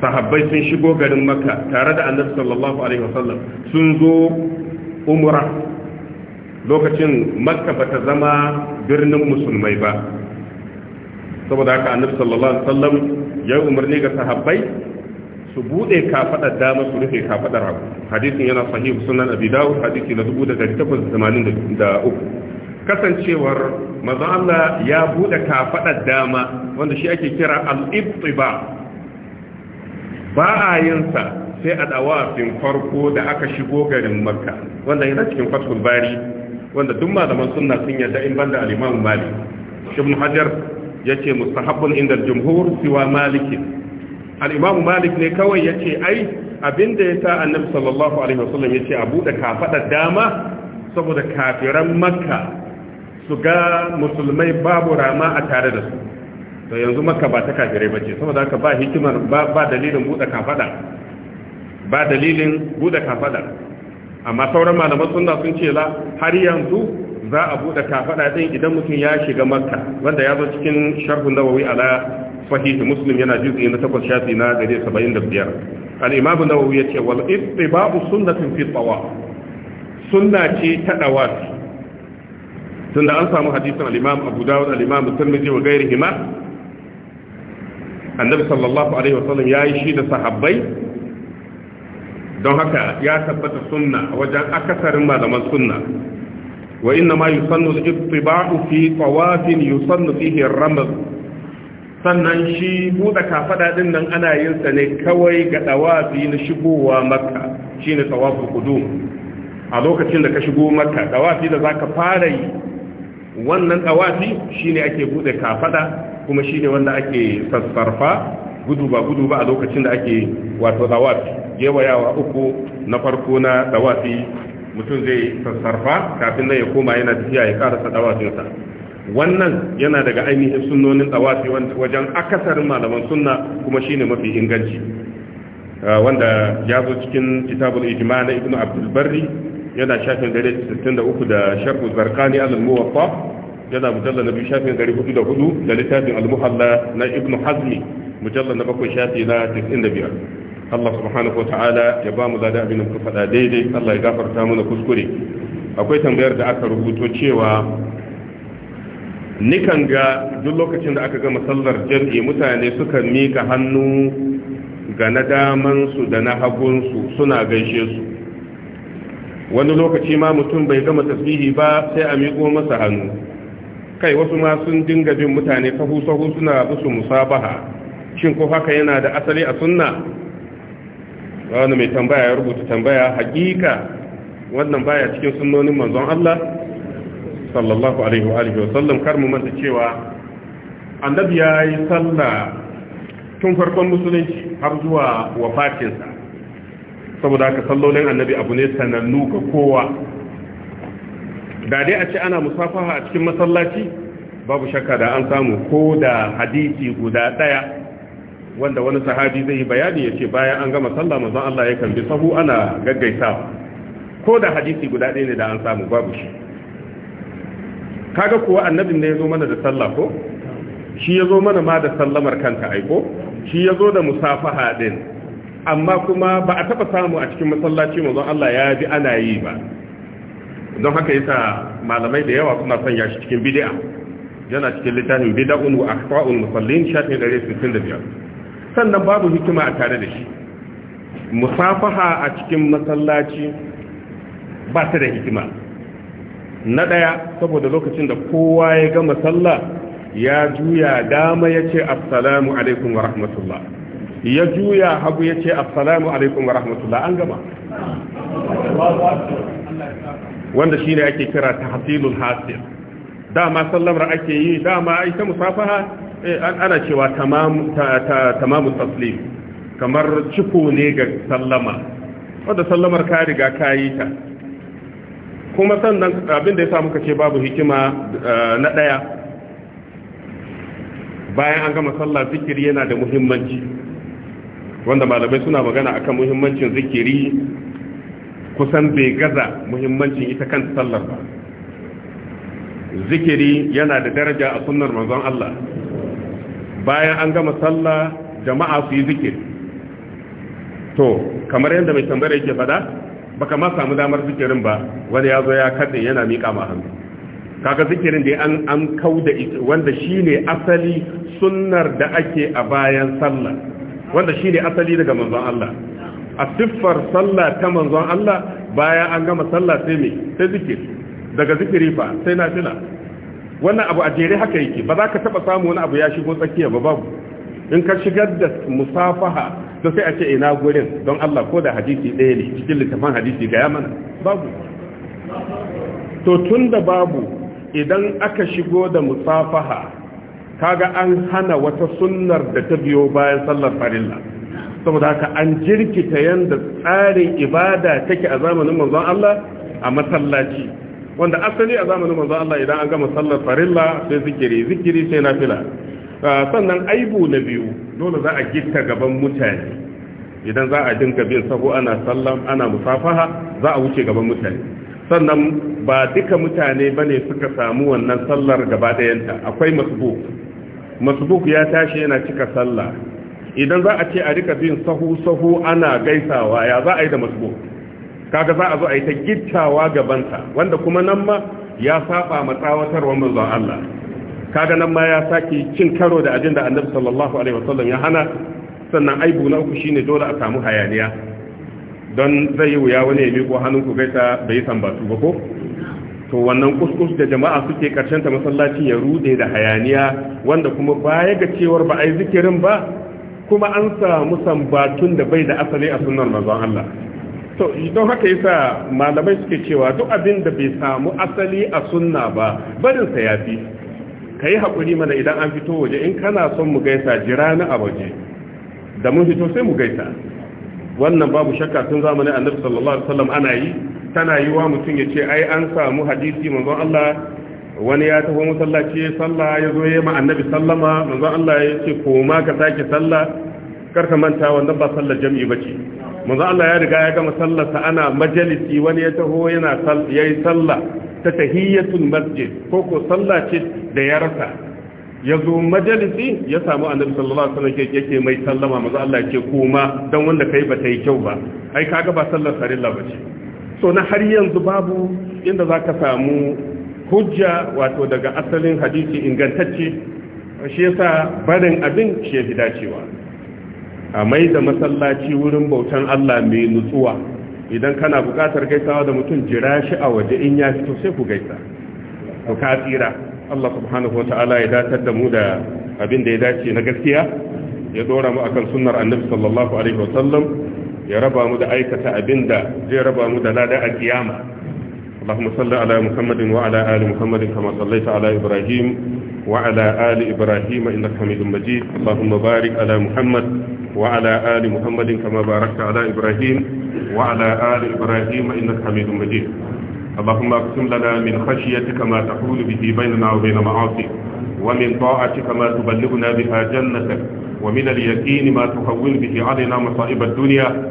sahabbai sun shigo garin makka tare da annabi sallallahu alaihi wasallam sun zo umra lokacin makka bata zama birnin musulmai ba saboda haka annabi sallallahu alaihi wasallam ya umarni ga sahabbai su bude kafadar dama su rufe kafadar hagu hadisin yana sahih sunan abi dawud hadisi na 1883 kasancewar manzo Allah ya bude kafadar dama wanda shi ake kira al-ibtiba ba ayinsa sai a dawafin farko da aka shigo garin makka wanda yana cikin fatul bari wanda duk malaman sunna sun yarda in banda al-imam malik ibn hajar yace mustahabbun inda al-jumhur siwa malikin al-imam malik ne kawai yace ai abinda ya ta annabi sallallahu alaihi wasallam yace a bude kafadar dama saboda kafiran makka su ga musulmai babu rama a tare da su to yanzu makka ba ta kafirai ce saboda haka ba hikimar ba dalilin bude kafada ba dalilin bude kafada amma sauran malaman sunna sun ce la har yanzu za a bude kafada din idan mutum ya shiga makka wanda ya zo cikin sharhun nawawi ala sahihi muslim yana juz'i na takwas shafi na saba'in da 175 al-imam nawawi yace wal ittiba'u sunnatun fi tawaf sunna ce ta dawafi tunda an samu hadisin al-imam abu dawud al-imam tirmidhi wa ghairihima annabi sallallahu alaihi wasallam yi shi da sahabbai don haka ya tabbata sunna wajen akasarin malaman sunna wa inna ma yusannu al-ittiba'u fi tawafin yusannu fihi ar-ramz sannan shi buɗe kafaɗa ɗin nan ana yin sa ne kawai ga ɗawafi na shigowa makka shi ne tsawafin kudu a lokacin da ka shigo makka ɗawafi da za ka fara yi wannan ɗawafi shi ne ake buɗe kafaɗa kuma shi ne wanda ake sassarfa gudu ba gudu ba a lokacin da ake wato ɗawafi yawa uku na farko na ɗawafi mutum zai sassarfa kafin nan ya koma yana tafiya ya ƙarasa ɗawafinsa wannan yana daga ainihin sunnonin tsawafi wajen akasarin malaman sunna kuma shine mafi inganci ah, wanda ya zo cikin kitabul ijma na ibnu abdul barri yana shafin 63 da sharh zarqani al-muwatta yana mujallal na biyu shafin 404 da littafin al-muhalla na ibnu hazmi mujallal na bakwai shafi na 95 Allah subhanahu wa ta'ala ya ba mu lada abin da faɗa daidai Allah ya gafarta mana kuskure akwai tambayar da aka rubuto cewa nikan ga duk lokacin da aka gama sallar jam'i mutane suka mika hannu ga na damansu da na hagunsu suna gaishe su wani lokaci ma mutum bai gama tasbihi ba sai a miƙo masa hannu kai wasu ma sun dinga bin mutane sahu-sahu suna musu musabaha shin ko haka yana da asali a sunna wani mai tambaya ya rubuta tambaya hakika wannan baya cikin sunnonin manzon Allah sallallahu alaihi wa wa sallam kar mu manta cewa annabi ya yi sallah tun farkon musulunci har zuwa wafatinsa saboda haka sallolin annabi abu ne sanannu ga kowa da dai a ce ana musafaha a cikin masallaci babu shakka da an samu ko da hadisi guda daya wanda wani sahabi zai yi bayani ya ce bayan an gama sallah mazan Allah ya kan bi sahu ana gaggaisawa ko da hadisi guda ɗaya ne da an samu babu shi kaga kuwa annabin ne ya zo mana da sallah ko shi ya zo mana ma da sallamar kanta aiko shi ya zo da musafaha din amma kuma ba a taba samu a cikin masallaci mazan Allah ya bi ana yi ba don haka yasa malamai da yawa suna sanya shi cikin bid'a yana cikin littafin bid'un wa akhta'ul musallin shafin 165 sannan babu hikima a tare da shi musafaha a cikin masallaci ba ta da hikima na ɗaya saboda lokacin da kowa ya gama sallah ya juya dama ya ce assalamu alaikum wa rahmatullah ya juya hagu ya ce assalamu alaikum wa rahmatullah an gama wanda shi ne ake kira ta hasilul hasil dama sallamar ake yi dama ita musafaha eh, ana cewa tamamun taslim kamar ciko ne ga sallama wadda sallamar ka riga ka yi ta kuma sannan abin da ya samu muka ce babu hikima eh, na ɗaya bayan an gama sallah zikiri yana da muhimmanci wanda malamai suna magana akan muhimmancin zikiri kusan bai gaza muhimmancin ita kan sallar ba zikiri yana da daraja a sunnar manzon Allah bayan an gama sallah jama'a su yi zikiri to kamar yadda mai tambayar yake fada baka ma samu damar zikirin ba wani ya zo ya kaɗe yana miƙa ma hannu kaga zikirin da an an kauda wanda shine asali sunnar da ake a bayan sallah wanda shine asali daga manzon Allah a siffar sallah ta manzon Allah bayan an gama sallah sai me sai zikir daga zikiri fa sai nafila wannan abu a jere haka yake ba za ka taba samu wani abu ya shigo tsakiya ba babu in ka shigar da musafaha to sai a ce ina gurin don Allah ko da hadisi ɗaya ne cikin littafin hadisi ga yaman babu to tun da babu idan aka shigo da musafaha kaga an hana wata sunnar da ta biyo bayan sallar farilla saboda haka an jirkita yanda tsarin ibada take a zamanin manzon Allah a masallaci wanda asali a zamanin manzon Allah idan an gama sallar farilla sai zikiri zikiri sai nafila Ah, sannan aibu na biyu dole za a gitta gaban mutane idan za a dinka bin sahu ana sallam ana musafaha za a wuce gaban mutane sannan ba duka mutane bane suka samu wannan sallar gaba dayanta akwai masbuk masbuk ya tashi yana cika sallah idan za a ce a rika bin sahu sahu ana gaisawa ya za a yi da masbuk kaga za a zo a yi ta gittawa gabanta wanda kuma nan ma ya saba matsawatarwa manzon Allah kaga nan ma ya sake cin karo da abin da annabi sallallahu alaihi wasallam ya hana sannan aibu na uku shine dole a samu hayaniya don zai yi wuya wani ya miƙo hannun ku gaisa bai yi sambatu ba ko to wannan kuskus da jama'a suke karshen ta masallacin ya rude da hayaniya wanda kuma baya ga cewar ba a yi zikirin ba kuma an samu sambatun da bai da asali a sunnar manzon Allah to don haka yasa malamai suke cewa duk abin da bai samu asali a sunna ba barin sa yafi ka yi haƙuri mana idan an fito waje in kana son mu gaisa jira ni a waje da mun fito sai mu gaisa wannan babu shakka tun zamanin annabi sallallahu alaihi wasallam ana yi tana yi wa mutum ya ce ai an samu hadisi manzon Allah wani ya tafi masallaci ya sallah ya zo ya ma annabi sallama manzon Allah ya ce koma ka sake salla kar ka manta wannan ba sallar jami'i bace manzon Allah ya riga ya gama sallarsa ana majalisi wani ya taho yana yayi sallah ta tahiyyatul masjid ko ko sallah da ya rasa ya majalisi ya samu annabi sallallahu alaihi wasallam yake mai sallama maza Allah yake kuma dan wanda kai ba ta yi kyau ba ai kaga ba sallar farilla ba ce so na har yanzu babu inda zaka samu hujja wato daga asalin hadisi ingantacce shi yasa barin abin shi ya fi dacewa a mai da masallaci wurin bautan Allah mai nutsuwa idan kana bukatar gaisawa da mutum jira shi a waje in ya fito sai ku gaisa ku ka tsira Allah subhanahu wa ta'ala ya datar da mu da abin da ya dace na gaskiya ya dora mu akan sunnar annabi sallallahu alaihi wa sallam ya raba mu da aikata abin da zai raba mu da lada a kiyama اللهم صل على محمد وعلى آل محمد كما صليت على إبراهيم وعلى آل إبراهيم إنك حميد مجيد اللهم بارك على محمد وعلى آل محمد كما باركت على إبراهيم وعلى آل إبراهيم إنك حميد مجيد اللهم اقسم لنا من خشيتك ما تحول به بيننا وبين معاصيك ومن طاعتك ما تبلغنا بها جنتك ومن اليقين ما تحول به علينا مصائب الدنيا